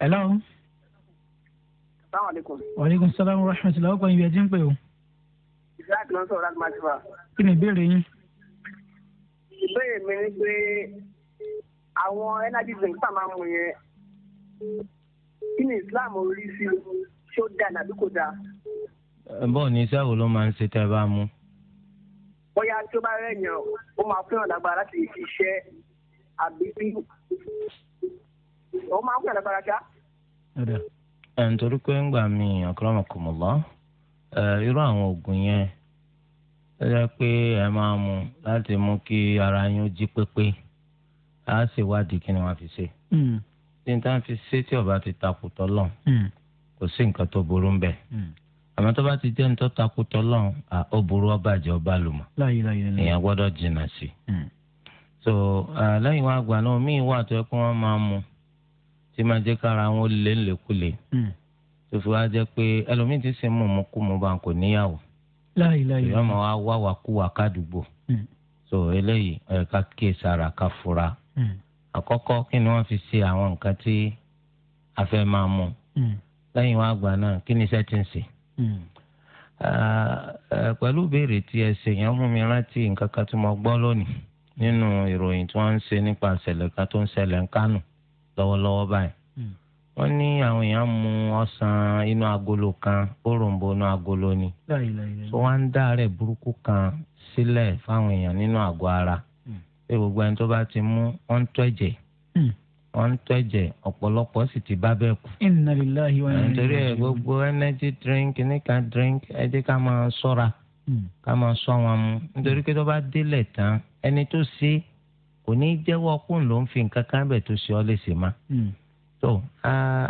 hello. salaamaleykum. wa aleykum salaam wa rahmatulah ọkọ ìbí ẹjí ń pè o láti lọ sọ̀rọ̀ láti máa kí ni ìbéèrè yín. ìbéèrè mi ni pé àwọn energy drink tá a máa mú yẹn kí ni Islam rí sí ṣó dáa nàbí kò dáa. bọ́ọ̀ ni iṣẹ́ wo ló máa ń ṣe tẹ́ ẹ bá mú. bóyá tí ó bá rẹ̀yàn ó máa fún ọ̀dàgbà láti ṣiṣẹ́ àbí bí ó máa ń fún ọ̀dàgbà ẹ̀ ń torí pé ń gbà mí àkọ́rọ́mọkùnmọ́ lọ irú àwọn oògùn yẹn ó yẹ pé ẹ máa mú láti mú kí ara yín jí pépé á ṣèwádìí kí ni wọ́n fi ṣe. Hmm. tí n tá fi ṣe tí ọba ti takò tọ́lọ̀ hmm. kò sí nǹkan tó burú ń bẹ̀. Hmm. àmọ́ tó bá ti jẹ́ nítorí takò tọ́lọ̀ ó burú ọba àjẹ́ ọba lùmọ̀ èèyàn gbọ́dọ̀ jìnnà sí i. so lẹ́yìn wá àgbà náà míì wà tó yẹ kí wọ́n máa mú tí máa jẹ́ kára wọn lé lèkulè tó fi wá jẹ́ pé ẹlòmíì ti ṣe mú mú kú mú bá ń kò níyàwó. èèyàn máa wá wá wa kú wa kádùgbò hmm. so eléyìí ẹ̀ka kíyèsára ká fura hmm. àkọ́kọ́ kí ni wọ́n fi ṣe àwọn nǹkan tí a fẹ́ máa mú hmm. lẹ́yìn wá àgbà náà kí ni iṣẹ́ ti ń pẹ̀lú béèrè tí ẹ ṣe yẹn fún mi rántí nǹkan kan tí mo gbọ́ lónìí nínú ìròyìn tí wọ́n ń ṣe nípa ìṣẹ̀lẹ̀ kan tó ń ṣẹlẹ̀ ń Kánò lọ́wọ́lọ́wọ́ báyìí wọ́n ní àwọn èèyàn mu ọsàn inú agolo kan òròǹbó inú agolo ni so wọ́n ń dá rẹ̀ kan sílẹ̀ fáwọn èèyàn nínú àgọ́ ara hmm. gbogbo ẹni tó ti mú wọ́n ń tọ́ ẹ̀jẹ̀ hmm. wọ́n ń tọ́ ẹ̀jẹ̀ ti bá bẹ́ẹ̀ kú. gbogbo energy drink níka drink ká máa hmm. wọn mu nítorí pé tó bá délẹ̀ tán ẹni tó ṣe kò ní jẹ́wọ́ kóun ló ń fi nǹkan kan bẹ̀ tó tó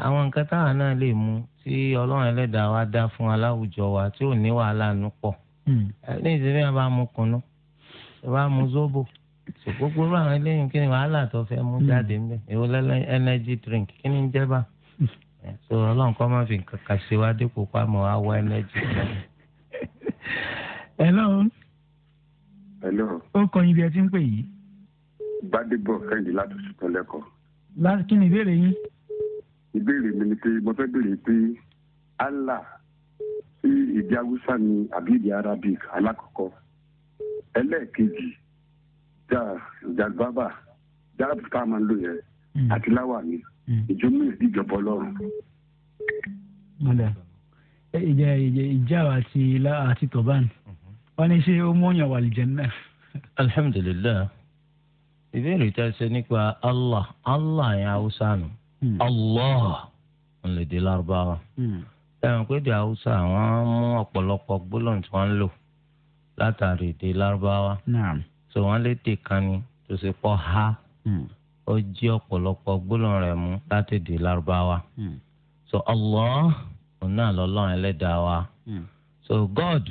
àwọn nǹkan táwa náà lè mú tí ọlọ́run ẹlẹ́dàá wa dá fún aláwùjọ wa tí ò ní wàhálà nù pọ̀ hmm. ní ìsinmi àbá mu kùnú àbá mu zobo gbogbo irú àwọn eléyìí kí ni wàhálà tó fẹ́ mú hmm. jáde ńbẹ èwo lẹ́lẹ́ energy drink kí ni ń jẹ́ bá hmm. so ọlọ́run kọ́ máa fi kàkà ṣe wá dípò pa mọ́ wá wọ energy drink. hello. hello. ó kọ ibi ẹ ti ń pè yìí. gbadebo kẹ́hìndínláàtọ̀ ṣùgbọ́n lẹ́kọ̀ọ́. láti kí ni ìbéèrè yín ìbéèrè mi ni pé mo fẹ́ béèrè pé allah sí èdè haúsá ni àbí èdè arabic alákọ̀ọ́kọ́ ẹlẹ́ẹ̀kejì jàgbábà jáàbù tá a máa ń lò yẹn hmm. àti láwà ni hmm. ìjọba ìjọba ọlọ́run ìjà ìjà ìjà àti ilá àti tọ̀bán mhm. wọn ní ṣé ó mọ̀ọ́yàn wà lìjẹ́nà. alhamdulilayi ìbéèrè tá a ṣe nípa allah allah yẹn haúsá nù Hmm. allah olùdí lárúbáwá sẹ́wọ̀n hmm. pé èdè haúsá àwọn mú ọ̀pọ̀lọpọ̀ gbólóhùn tí wọ́n ń lò látàrí èdè lárúbáwá so wọ́n lè dè kan tó pọ̀ ha hmm. ó jí ọ̀pọ̀lọpọ̀ gbólóhùn rẹ̀ mú láti èdè lárúbáwá so allah òun náà lọ́lọ́run ẹlẹ́dàá wa so god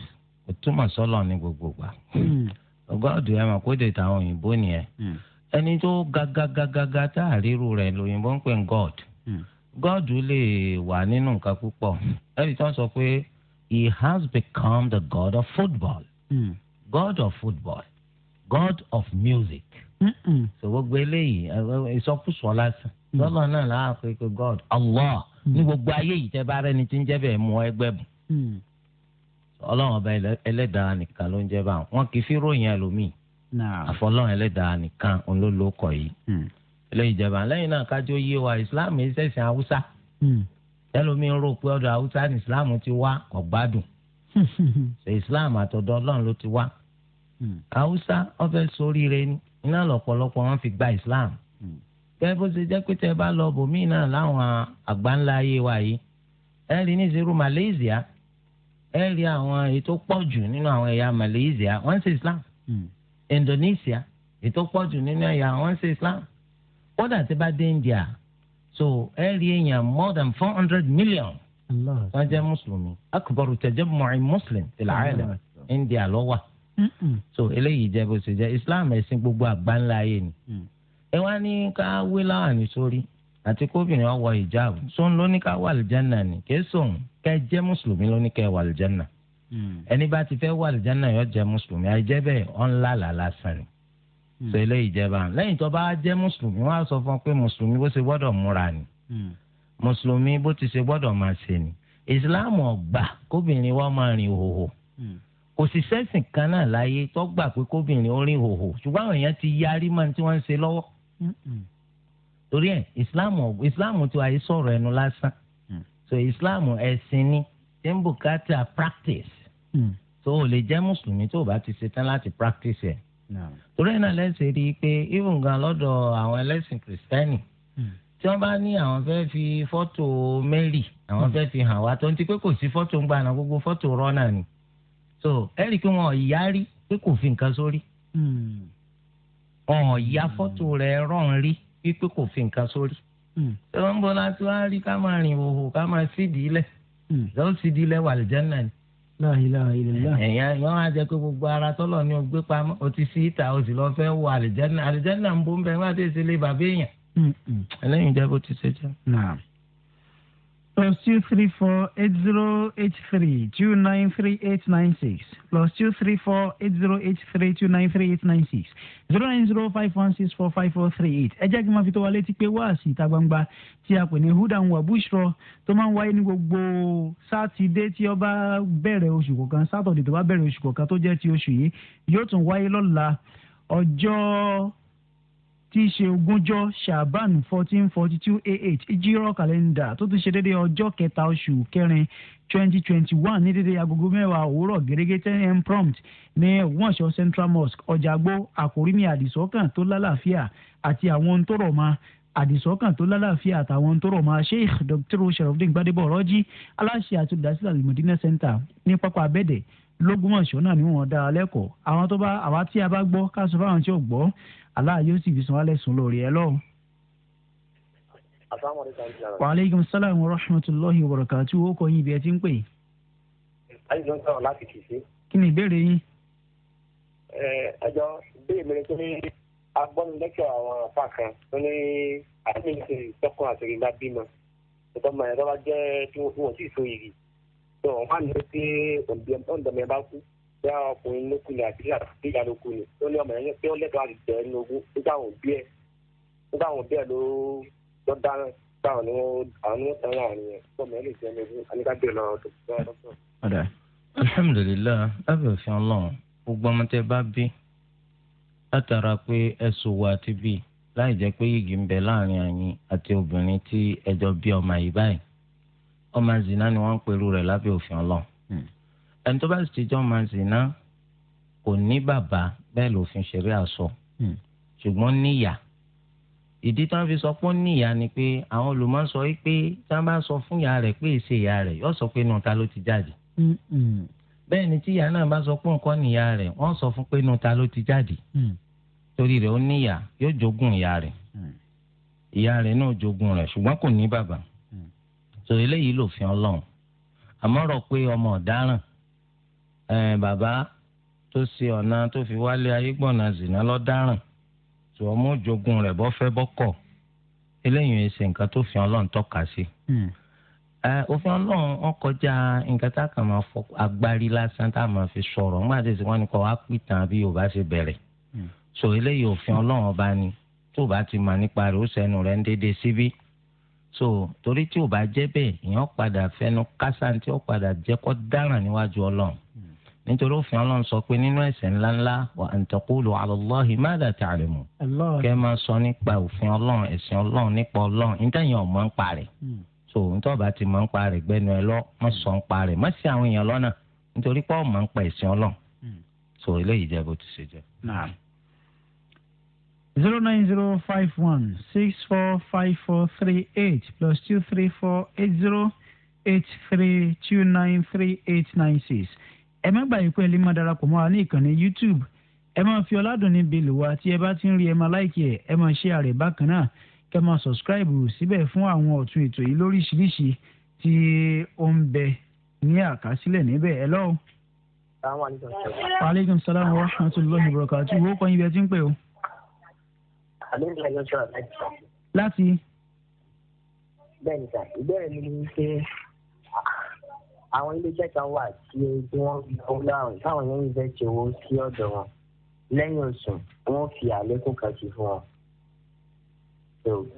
túmọ̀ sọ́lọ̀ ní god ẹni tó gagagagaga tá a ríru rẹ̀ lóyìnbó ń pè ń god hmm. god lè wà nínú nǹkan púpọ̀ ẹni tó ń sọ pé he has become the god of football hmm. god of football god of music so gbogbo eléyìí ìsọkúsọ lásán hmm. lọ́lọ́ náà láà pé pé god allah ní gbogbo ayé yìí tẹ́ bá rẹ́ni tí ń jẹ́ bẹ́ẹ̀ mú ẹgbẹ́ bù ọlọ́run ọba ẹlẹ́dàá nìkan ló ń jẹ́ bá wọn kì í fi ròyìn ẹlòmíì àfọlọ́run ẹlẹ́dàá nìkan olólùkọ yìí hmm. eléyìí jẹba lẹ́yìn náà kájọ yé wa islam yìí ṣẹ̀sìn haúsá hmm. ẹlòmíín rò pé ọ̀dọ̀ haúsá ni islam ti wá kò gbádùn ṣe islam àtọ̀dọ̀ ọlọ́run ló ti wá hmm. haúsá ọ̀fẹ́ soríire ni iná lọ́pọ̀lọpọ̀ wọn fi gba islam kẹ́ bó ṣe jẹ́ pé tẹ́ bá lọ bòmíì náà láwọn àgbáńlá ayé wa yìí ẹ rí ní zero Malaysia ẹ rí àwọn èyí tó pọ̀ jù nínú àwọn ẹ̀yà Malaysia wọ́n ṣe islam. Indonesia ètò pọ̀jù nínú ẹ̀yà wọn ṣe Islam kódà tí bá dé India so ẹ rí èèyàn more than four hundred million wọn jẹ́ mùsùlùmí akbaru tajammu'i muslim fil alam India ló wà so eléyìí jẹ́ bó ṣe jẹ́ Islam ẹ̀sìn gbogbo àgbáńlá ayé ni mm. ẹ wá ní ká wé láwàní sórí àti kóbìnrin wa wọ hijab sóun ló ní ká wà lìjánà ni kí sóun kẹ jẹ́ mùsùlùmí ló ní kẹ wà lìjánà. Hmm. ẹni bá ti fẹ́ wà àlùjáná yóò jẹ́ mùsùlùmí àìjẹ́ bẹ́ẹ̀ ọ̀nlá làlásán ni hmm. sọ eléyìí jẹba lẹ́yìn tó bá jẹ́ mùsùlùmí wọ́n á sọ fún ọ pé mùsùlùmí bó ṣe gbọ́dọ̀ múra ni hmm. mùsùlùmí bó ti ṣe gbọ́dọ̀ máa ṣe ni ìsìláàmù ọ̀gbà kóbìnrin wa máa rìn hòhò kò sì sẹ́sìn kan náà láyé tó gbà pé kóbìnrin ó rìn hòhò ṣùgbọ́n àwọn èèyàn ti yarí máa tí wọ́n ń ṣe lọ́wọ́ torí ẹ̀ ìsìláàmù tí wàá sọ̀rọ̀ ẹnu lásán so ìsìláàmù ẹ̀sìn ni tí ń bùkátà practice tó hmm. o lè jẹ́ mùsùlùmí tó o bá ti ṣetán láti practice ẹ̀ torí ẹ̀ náà lẹ́sẹ̀ rí i pé even gan lọ́dọ̀ àwọn ẹlẹ́sìn kìrìsìtẹ́nì hmm. tí wọ́n bá ní àwọn fẹ́ fi fọ́tò Mary àwọn hmm. fẹ́ fi hàn wá tó ń ti pé kò sí fọ́tò ń gbà náà gbogbo fọ́tò rọ́nà ni so ẹ rí i pé wọn ò yá rí pé kò fi nǹkan sórí wọn ò yá fọ́tò rẹ̀ rọ̀n rí pé kò fi nǹkan sórí tí wọ́n ń bọ́ láti wá rí ká máa rìn òhò ká máa sídìí lẹ̀ lọ́wọ́ sídìí lẹ̀ wà lìjẹ́ náà ni. ẹ̀yàn yọ á jẹ́ pé gbogbo ara tọ́lọ̀ ni o gbé pamọ́ o ti sí ta o sì lọ fẹ́ wọ àlìjẹ́nà ń bọ́ ń bẹ́ẹ̀ wá dé sílé bàbá èèyàn mm, mm. jẹ́ bó ti plus two three four eight zero eight three two nine three eight nine six plus two three four eight zero eight three two nine three eight nine six zero nine zero five one six four five four three eight ẹ jẹ́ kí n máa fi tó wa létí pé wáàsí ìta gbangba tí a pè ní hudan wa bushro tó máa ń wáyé ní gbogbo sátidé tí ó bá bẹ̀rẹ̀ oṣù kọ̀ọ̀kan sátọ̀dẹ̀ tó bá bẹ̀rẹ̀ oṣù kọ̀ọ̀kan tó jẹ́ ti oṣù yìí yóò tún wáyé lọ́la ọjọ́ tí í ṣe ogúnjọ́ shaban fourteen forty two ah ìjírọ̀ kàlẹ́ndà tó ti ṣe déédéé ọjọ́ kẹta oṣù kẹrin twenty twenty one ní déédéé agogo mẹ́wàá òwúrọ̀ gẹ́gẹ́ ten am prompt ní wọ́nṣọ́ central mosque ọ̀jàgbó àkórí ní àdìsọ́kàn tó lálàáfíà àti àwọn ohun tó rọ̀ mọ́ àdìsọ́kàn tó lálàáfíà àtàwọn tó rọ̀ mọ́ sheikh dr sharafdin gbadebo ọ̀rọ́jì aláṣẹ àti olùdásílẹ̀ alimọ̀dínà center ní pápá abẹ́dẹ̀ lógúnmọ̀ṣọ́ náà ni wọ́n dára lẹ́kọ̀ọ́ àwọn tó bá àwa tí a bá gbọ́ ká sọ fáwọn tí ò gbọ́ aláà yóò sì fi san alẹ́ sùn lórí ẹ lọ́wọ́. waaleykum salaam wa rahmatulahi wa barakatu o kò yin ibi ẹ ti ń pè. ayi jọ ń sọ̀rọ̀ láti kì í sí. kí ni ìbéèrè yín. ẹ ẹjọ bẹ́ẹ̀ mi ni pé agbọ́nulẹ́kẹ̀ àwọn afa kan tó ní àdéhùn ìṣèlú tọkùn àtẹ̀yìnbá bímọ tó wọn wá ní pé ọ̀dọ̀mẹ bá kú bí àwọn ọkùnrin ló kú ni àti ìyá ló kú ni ó ní ọmọ yẹn pé ó lẹ́tọ̀ọ́ àti jẹ́ ní ogún nígbà wọn bí ẹ̀ nígbà wọn bí ẹ̀ ló lọ dáná nígbà wọn ni wọn àwọn ni wọn tán yẹn tó ọmọ yẹn lè ogún anígbàgbé lọ dókítà. ọ̀dà alhamdulilayi lábẹ́ òfin ọlọ́run gbogbo ọmọ tẹ bá bí látara pé ẹ̀sùn wa ti bí láì jẹ́ pé yìgì ń bẹ láàrin àyìn àti obìnrin tí ẹjọ́ bí ọmọ yìí báyìí ọmọ zina ni wọ́n ń pẹ̀lú rẹ̀ lábẹ́ òfin ọlọ́run hmm. ẹni tó bá sì ti jẹ́ ọmọ zina kò ní bàbá bẹ́ẹ̀ lòfin ṣeré àṣọ hmm. ṣùgbọ́n níyà ìdí tí wọ́n fi sọ pé níyà ni pé àwọn olùmọ̀ sọ pé tí wọ́n bá sọ fún ìyá rẹ̀ pé èsè ìyá rẹ̀ yóò sọ pé inú ta ló ti jáde hmm, bẹ́ẹ̀ ni tí ìyá náà bá sọ pé nǹkan níyà rẹ̀ wọ́n sọ fún pé inú ta ló ti jáde torí rẹ̀ ó níyà yóò jogún ìyá rẹ̀ ìyá rẹ̀ náà jogún rẹ̀ ṣùgbọ́n kò ní bàbá tó eléyìí lòfin ọlọ́run àmọ́ rọ pé ọmọ ọ̀daràn bàbá tó ṣe ọ̀nà tó fi wálé ayégbọ̀nà zìnà lọ́daràn tó ọmọ òjogún rẹ̀ bọ́ fẹ́ bọ́kọ̀ eléyìí ṣe nǹkan tó fi ọlọ́run tọ́ka sí. Hmm. òfin ọlọ́run wọn kọjá nǹkan tá a kàn máa fọ agbárí lásán tá a máa fi sọ̀rọ̀ nígbà tí wọ́n ní kọ́ wá pìtàn bí yorùbá ṣe bẹ̀rẹ̀ hmm. so eléyìí òfin ọlọ́run ọba ni tó bá ti mà nípa rẹ̀ ó sẹ́nu rẹ̀ ń déédéé síbí. Si so torí tí o bá jẹ́ bẹ́ẹ̀ èèyàn padà fẹnu kásá tí o padà jẹ́ kó dáràn níwájú ọlọ́run hmm. nítorí òfin ọlọ́run sọ pé nínú ẹ̀ṣẹ̀ ńláńlá wa ala Allahi ma la ta'lamun kẹ́ máa sọ nípa òfin nípa hmm. so nítorí ọba ti mọ̀ ń parẹ̀ gbẹ́nu ẹ lọ mọ̀ hmm. sọ ń sí àwọn èèyàn nítorí pé so eléyìí zero nine zero five one six four five four three eight plus two three four eight zero eight three two nine three eight nine six. ẹ má gbàgbé pé ẹ lè máa darapọ̀ mọ́ra ní ìkànnì YouTube ẹ máa fi ọ̀làdùn níbi lò wá tí ẹ bá ti ń rí ẹ máa láìkì ẹ ẹ máa share rẹ̀ bákan náà kẹ máa subscribe síbẹ̀ fún àwọn ọ̀tun ètò yìí lóríṣiríṣi tí ó ń bẹ ní àkásílẹ̀ níbẹ̀ ẹ lọ́wọ́. aleykum salaam wa rahmatulahi wa barakatuh wo kọ́ yín bí ẹ ti ń pè o àbẹ̀rẹ̀ ayọ̀ sọ̀rọ̀ láti sà. láti. bẹ́ẹ̀ni sà ìbéèrè mi ni pé àwọn iléeṣẹ́ kan wà tí wọ́n fi owó láwọn táwọn yẹn ń fẹ́ ṣe owó sí ọ̀dọ̀ wọn lẹ́yìn oṣù wọ́n fi àlékún kan sí fún wọn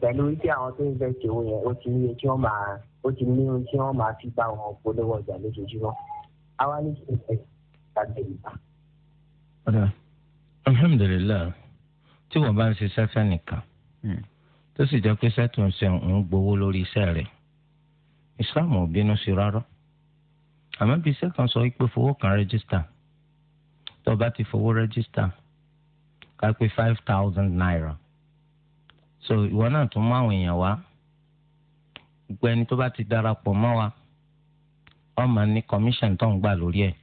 pẹ̀lú wípé àwọn tó ń fẹ́ ṣòwò yẹn ó ti ní iye tí wọ́n máa ó ti ní ohun tí wọ́n máa fi bá wọn polówó ọjà lójoojúmọ́ àwa ní kí n fẹ́ ṣàgbé ìgbà. alhamdulilayi tí wọ́n bá ń ṣiṣẹ́ fẹ́nìkan hmm. tó sì jẹ́ pé sẹ́tùn ṣe ń gbowó lórí iṣẹ́ rẹ̀ Islam ò bínú sí rárá àmọ́ bí iṣẹ́ kan sọ pé fowó kan rẹ́gísítà tó bá ti fowó rẹ́gísítà ká pé five thousand naira so ìwọ náà tún mú àwọn èèyàn wá gbogbo ẹni tó bá ti darapọ̀ mọ́ wa ọmọ ní commission tó ń gbà lórí ẹ̀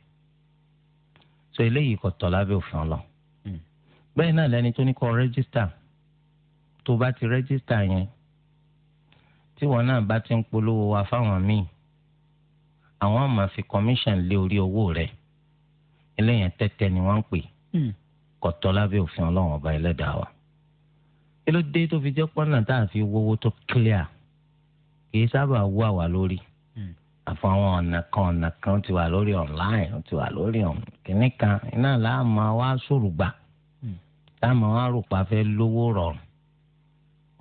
so eléyìí kò tọ́ lábẹ́ òfin ọlọ́run bẹ́ẹ̀ náà lẹni tó ní kọ́ rẹ́gísítà tó bá ti rẹ́gísítà yẹn tí wọn náà bá ti ń polówó wa fáwọn míì àwọn àmà fi commission lé orí owó rẹ̀ eléyàn tẹ́tẹ́ ni wọ́n ń pè hmm. kọ̀tọ́ lábẹ́ òfin ọlọ́run ọba ẹlẹ́dàá wa kí ló dé tó fi jẹ́ pọ́nà tá a fi wówó tó clear kì í sábà wú àwa lórí hmm. àfọ àwọn ọ̀nà kan ọ̀nà kan ti wà lórí online ti wà lórí ọ̀nà kìnnìkan iná làá máa wá sòrùgbà táwọn arùpá fẹ́ lówó rọrùn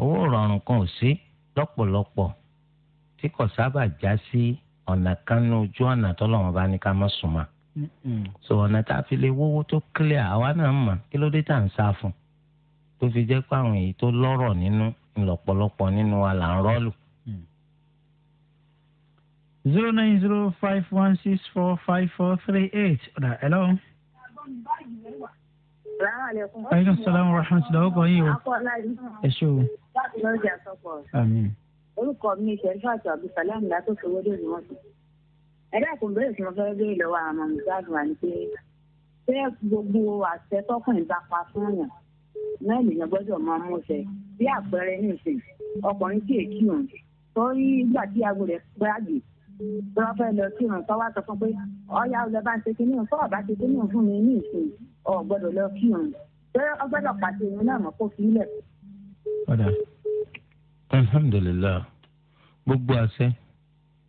owó rọrùn kan ò sí lọ́pọ̀lọpọ̀ tí kò sábà já sí ọ̀nà kan ní ojú ọ̀nà tọ́lọ́wọ́n bá ní ká má sùnmọ́ so ọ̀nà tá a fi lè wówó tó clear àwa náà mọ̀ kí ló dé tá à ń sá fún tó fi jẹ́ pé àwọn èyí tó lọ́rọ̀ nínú ńlọ́pọ̀lọpọ̀ nínú wa là ń rọ́ọ̀lù zero nine zero five one six four five four three eight ọ̀dà hello aleykum salaam wa rahmatulah ọkọ yìí o ẹ ṣe o. orúkọ mi ṣẹlifàtì abdulsalam látòkè wọlé ìmọ̀tò ẹ̀dá kò bẹ̀rẹ̀ sí mo bẹ́ẹ̀ lọ́wọ́ àwọn mọ̀mọ́sáàdù wa ni pé pé gbogbo àṣẹ tọkùnrin bá pa fún yàn náà nìyẹn gbọ́dọ̀ máa mú ṣe bí àpẹẹrẹ ní ìsìn ọkùnrin tí èkì òun tó rí ìgbà tí aago rẹ̀ gbáàgì wọn fẹ́ lọ sí ìrànṣọ́ wa sọ fún pé ọ̀ya ọ̀lẹ́ bá ń ṣe kínní fún ọ̀bá ṣe kínní fún mi ní ìsìn ọ̀ gbọ́dọ̀ lọ kí òun pé ọgbọ́dọ̀ pàṣẹ ìrún náà mọ̀ kó fi í lẹ̀. ọ̀dà alhamdulilayi gbogbo àṣẹ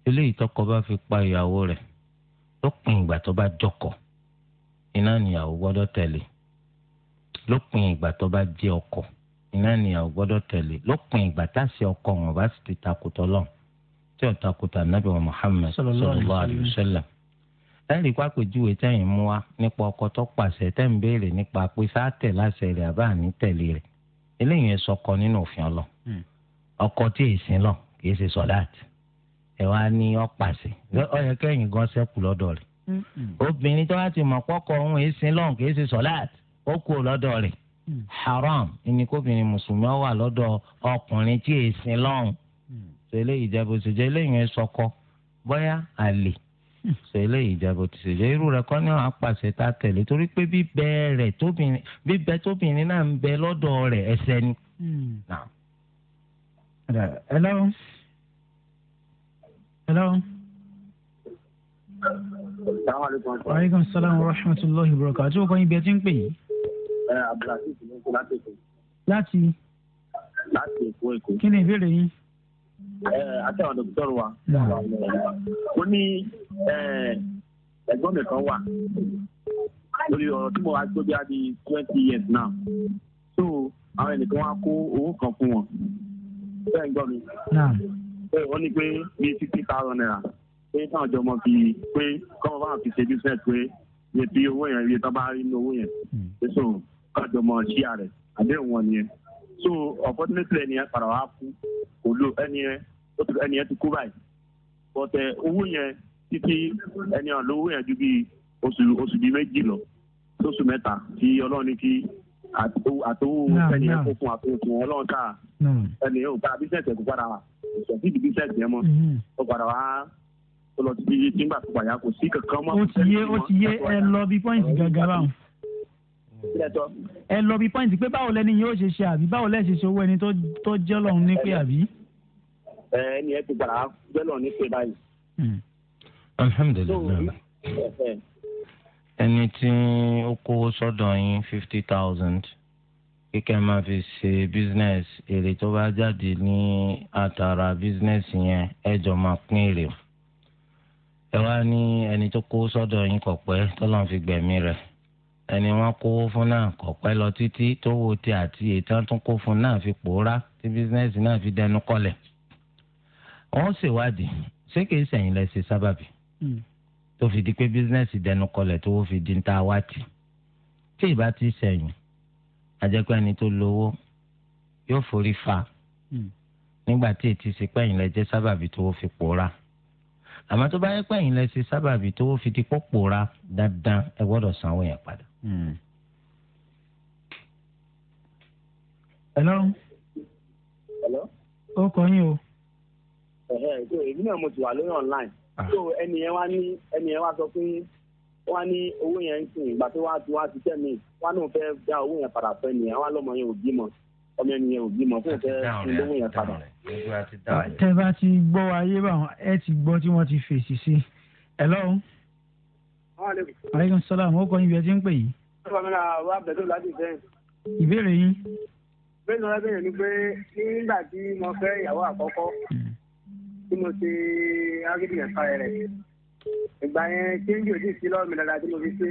eléyìí tọkọ bá fi pa ìyàwó rẹ̀ lópin ìgbà tó bá jọkọ iná níyàwó gbọ́dọ̀ tẹ̀lé lópin ìgbà tó bá jẹ́ ọkọ iná níyàwó gbọ́dọ̀ tẹ̀lé lópin ìgbà tá a ṣe ọkọ wọn bá sì ti takùtọ lọhùn tí ó takuta nabi wa muhammed sallallahu alayhi wa sallam ẹnì kó àpèjúwe tẹ̀yìn mú wa nípa ọkọ tó pàṣẹ tẹ̀ ń béèrè nípa pé sáàtẹ̀ láṣẹ rẹ̀ àbá àní tẹ̀lé rẹ̀ eléyìí ẹ̀sọ́ kọ nínú òfin ọlọ hmm. ọkọ tí èsìn lọ kìí ṣe sọdáàtì ẹ wá ní ọpàṣẹ ọyẹ hmm. kẹyìn gan sẹ́kù lọ́dọ̀ rẹ̀ hmm. obìnrin tó bá ti mọ̀ pọ́kọ ohun èsìn lọ kìí ṣe sọdáàtì ó kú lọ́dọ̀ rẹ̀ haram ẹni kóbìnrin mùsùlùmí wà lọ́dọ̀ ọkùnrin tí èsìn lọ́hùn sọ eléyìí jẹ́ bó ti jẹ́ eléyìí yẹn sọkọ bóyá àlè sọ eléyìí jẹ́ bó ti jẹ́ irú rẹ̀ kọ́ ní wọn apàṣẹ tá a tẹ̀lé torí pé bíbẹ rẹ̀ tóbìnrin bíbẹ tóbìnrin náà ń bẹ lọ́dọ̀ rẹ̀ ẹsẹ̀ ni. Hmm. hello hello. aleykum salaam wa rahmatulahi wa barakatuh àti òkàn ibi ẹ ń pè yìí. ẹ eh, abdulhakeem láti èkó. láti. láti èkó èkó. kí ni ìbéèrè yín. Eh, àti àwọn dókítà wa ó ní eh, ẹ̀gbọ́n mi kan wà lórí ọ̀rọ̀ tí mo wá gbé bí twenty years now so àwọn ẹnìkan wá kó owó kan fún wọn bẹ́ẹ̀ ń gbọ́ mi ó ní pé bíi fifty thousand naira pé káwọn jọmọ fi pé kọ́mọ bá fi ṣe business pé iye tí owó yẹn iye tó bá rí nínú owó yẹn pé hmm. so káwọn jọmọ ṣíà rẹ̀ àdéhùn wọn nìyẹn so unfortunately ẹni yẹn padà wá kú kò lo ẹni yẹn ó ti ẹni yẹn ti kú báyìí but eh, owó yẹn títí ẹni yẹn lówó yẹn ju bí oṣù oṣù bíi méjì lọ sóṣù mẹ́ta tí ọlọ́run ní kí àtòwò ẹni yẹn kó fún àtòwò fún ọlọ́run ká ẹni yẹn ò ká bísẹ̀sì kó padà wá ìṣẹ̀sídìí bísẹ̀sì yẹn mọ́ mm-hmm. ó padà wá ó lọ sí iye tí ń gbà tó padà kò sí kankan mọ́. ó ti yé ó ti yé ẹ lọ bí gàgàrà ẹ lọ bí pọ́ìntì pé báwo lẹni yóò ṣe ṣe àbí báwo lẹ ṣe ṣe owó ẹni tó jẹ́ lọ́run ní pé àbí. ẹ ẹni ẹ ti gbà á jẹ́ lọ́run ní pé báyìí. Hmm. alhamdulilayi ẹni tí ó kówó sọ́dọ̀ yín fifty thousand kíkẹ́ máa fi ṣe business èrè tó bá jáde ní àtàrà business yẹn ẹ jọ máa pín èrè ẹ wá ní ẹni tó kówó sọ́dọ̀ yín kọ̀pẹ́ tó lọ́n fi gbẹ̀mí rẹ̀ ẹni wọn kówó fún náà kò pẹ́ lọ títí tó wo ti àti ètò tún kó fún náà fi pòórá tí bísínẹ́sì náà fi dẹnu kọlẹ̀ wọ́n ṣèwádìí ṣé kìí ṣẹ̀yìn lẹ ṣe sábàbí hmm. tó fi di pé bísínẹ́sì dẹnu kọlẹ̀ tó fi di ta wá tì tí ìbá ti ṣẹ̀yìn ajẹ́pẹ́ ẹni tó lówó yóò forí fa hmm. nígbà tí ètí ṣe pẹ́yìn lẹ jẹ́ sábàbí tó fi pòórá àmọ́ tó bá yẹ pẹ́yìn lẹ ṣe sábàbí tó fi di pòórá dandan ẹ gbọ́dọ̀ sanwó yẹn padà. Hmm. hello. hello. ó kọ yín o. èmi náà mo ti wà lórí online. Ah. so ẹni yẹn wá ní ẹni yẹn wá sọ pé wọ́n ní owó yẹn ń sìn ìgbà tó wá ti wá ti tẹ̀ mí wọ́n náà fẹ́ dá owó yẹn padà fẹ́ nìyẹn wọ́n á lọ́mọ yẹn ò bímọ ọmọ ẹni yẹn ò bímọ fún ìfẹ́ owó yẹn padà. Ah, tẹ bá ti gbọ́ ayé báwọn ẹ ti gbọ́ tí wọ́n ti fèsì sí. hello. hello? aleykum salaam ó kọ́ ibi ẹ ti ń pè yìí. ọ̀rọ̀ mi náà wà bẹ̀rù láti bẹ́ẹ̀. ìbéèrè yín. bẹ́ẹ̀ ni wọ́n bẹ̀rẹ̀ ni pé nígbà tí mo fẹ́ ìyàwó àkọ́kọ́ hmm. tí mo ṣe ágídìyàn fara rẹ̀ ìgbà yẹn kéńjì ò sì sí lọ́wọ́ mi dáadáa tí mo fi ṣe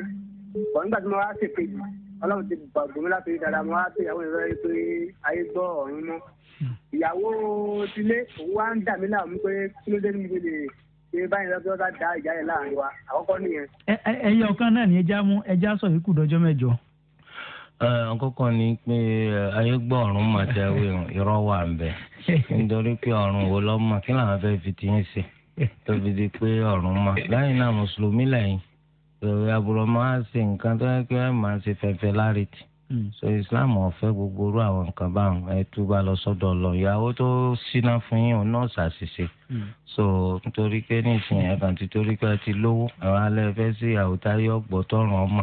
kọ́ nígbà tí mo wá ṣe kejì ọlọ́run ti gbàgbọ́ mi láti rí dáadáa mo wá pé ìyàwó yẹn fẹ́ pé ayé gbọ́ ọ̀run mọ́ hmm. ìyàwó tilé òun wá ń dà mí láàmú pé kí ló dé ṣe báyìí lọ́jọ́ bá da ìjà yẹn láàrin wa àkọ́kọ́ ẹyẹ ọkàn náà ni ẹja mú ẹja sọ yìí kù dọjọ mẹjọ. àkọ́kọ́ ni pé ayé gbọ́ ọ̀run mà tẹ irọ́ wà ń bẹ̀ nítorí pé wo kí làwọn fẹ́ fi ti di pé ọ̀run náà mùsùlùmí lẹ́yìn àbúrò máa ń nǹkan tó yẹ kí Hmm. so islam ọ̀fẹ́ gbogbo orú àwọn nǹkan báwọn ẹ túbà lọ sọ́dọ̀ lọ ìyàwó tó síná fún yín òun náà ṣàṣìṣe hmm. so nítorí pé nísìnyí ẹ̀kan ti torí pé ẹ ti lówó àwọn alẹ́ fẹ́ sí ìyàwó táyé ọ̀gbọ́ tọrùn ọmọ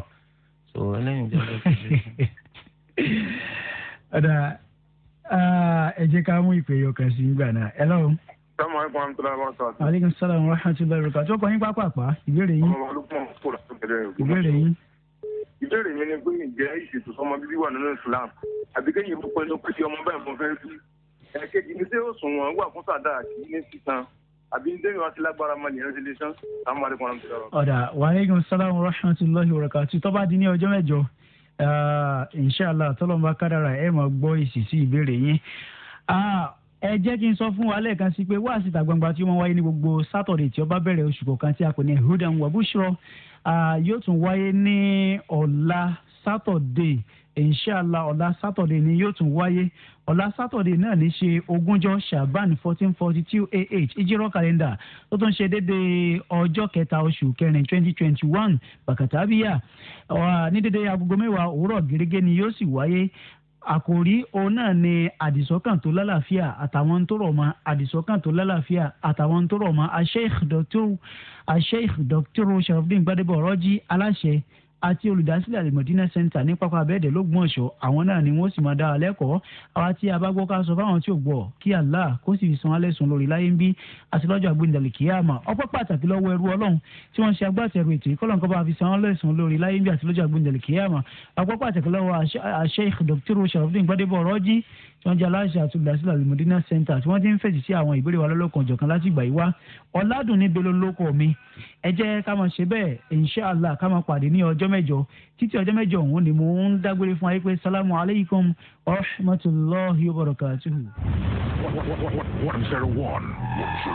so ẹlẹ́yìn jẹ́ lọ́sọ̀ ọ̀dà ẹ jẹ́ ká mú ìpè yọkàn sí gbà náà ẹ lọ́run sọ́mọ ẹ̀kọ́ àmì tọ́lá ọ̀rọ̀ sọ́ọ̀tì. aleykum salaam wa rahmatulahi wa barakatuh. tó kọ́ yín pápá ìbéèrè yín. ọmọ olùkọ́ ìbéèrè yín ìbéèrè mi ni pé ǹjẹ́ ìṣètò sọmọ bíbí wà nínú Islam àbí kéyìn ó pẹ́ ló pé tí ọmọ bẹ́ẹ̀ mo fẹ́ bí. ẹ̀ẹ́kejì ni ṣé òṣùwọ̀n wà fún sàdáà kì í ní sísan àbí ń dẹ́yìn wá sí lágbára máa nìyẹn ṣẹlẹ̀ sán sàmú àdìpọ̀ náà ti sọ̀rọ̀. ọ̀dà wàhálẹ́gùn sálámù rahmatulahi warakatu tó bá di ní ọjọ́ mẹ́jọ ah, inṣàlá tọ́lọ́mùbá ẹ jẹ́ kí n sọ fún wa lẹ́ẹ̀kan sí pé wáàsí ìta gbangba tí wọ́n wáyé ní gbogbo sátọ̀dẹ̀ tí ó bá bẹ̀rẹ̀ oṣù kọ̀ọ̀kan tí a pè ní hudan wabushro yóò tún wáyé ní ọ̀la sátọ̀dẹ̀ inshala ọ̀la sátọ̀dẹ̀ ni yóò tún wáyé ọ̀la sátọ̀dẹ̀ náà ní ṣe ogúnjọ́ shaban fourteen forty two ah ìjírọ̀ kàlẹ́ndà tó tún ṣe déédéé ọjọ́ kẹta oṣù kẹrin twenty twenty one bàkàtàbíyà ní déédéé agogo mẹ́wàá òwúrọ̀ gẹ́gẹ́ ni yóò sì wáyé àkòrí òun náà ni àdìsọ́kàn tó lálàáfíà àtàwọn tó rọ̀ mọ́ àdìsọ́kàn tó lálàáfíà àtàwọn tó rọ̀ mọ́ Sheikh Dr. Sheikh Dr. Sharafdin Gbadebo Ọ̀rọ̀jì aláṣẹ àti olùdásílẹ̀ alimọ̀dínà center ní pápá abẹ́ẹ̀dẹ̀ lọ́gbọ̀nsọ àwọn náà ni wọ́n sì máa dára lẹ́kọ̀ọ́ àwa tí a bá gbọ́ ká sọ fáwọn tí ò gbọ́ kí Allah kó sì fi san alẹ́ sùn lórí láyé ń bí àti lọ́jọ́ àgbéǹdàlẹ̀ kíyàmà ọpẹ́ pàtàkì lọ́wọ́ ẹrú ọlọ́run tí wọ́n ṣe agbátẹrù ètò ìkọlọ́n bá fi Sheikh Dr. Sharafdin Gbadebo Rọ́jí tí wọ́n jẹ́ aláṣẹ àti olùdásílẹ̀ alimọ̀dínà center tí wọ́n ti ń fèsì sí àwọn ìbéèrè wa lọ́lọ́kan jọ̀kan láti ìgbà yìí wá ọ̀làdùnní belo lóko mi ẹ jẹ́ ká máa ṣe bẹ́ẹ̀ inṣàlá ká máa pàdé ní ọjọ́ mẹ́jọ títí ọjọ́ mẹ́jọ òun ni mò ń dágbére fún ayé salamu alaykum wa rahmatulahi wa barakatuhu. one zero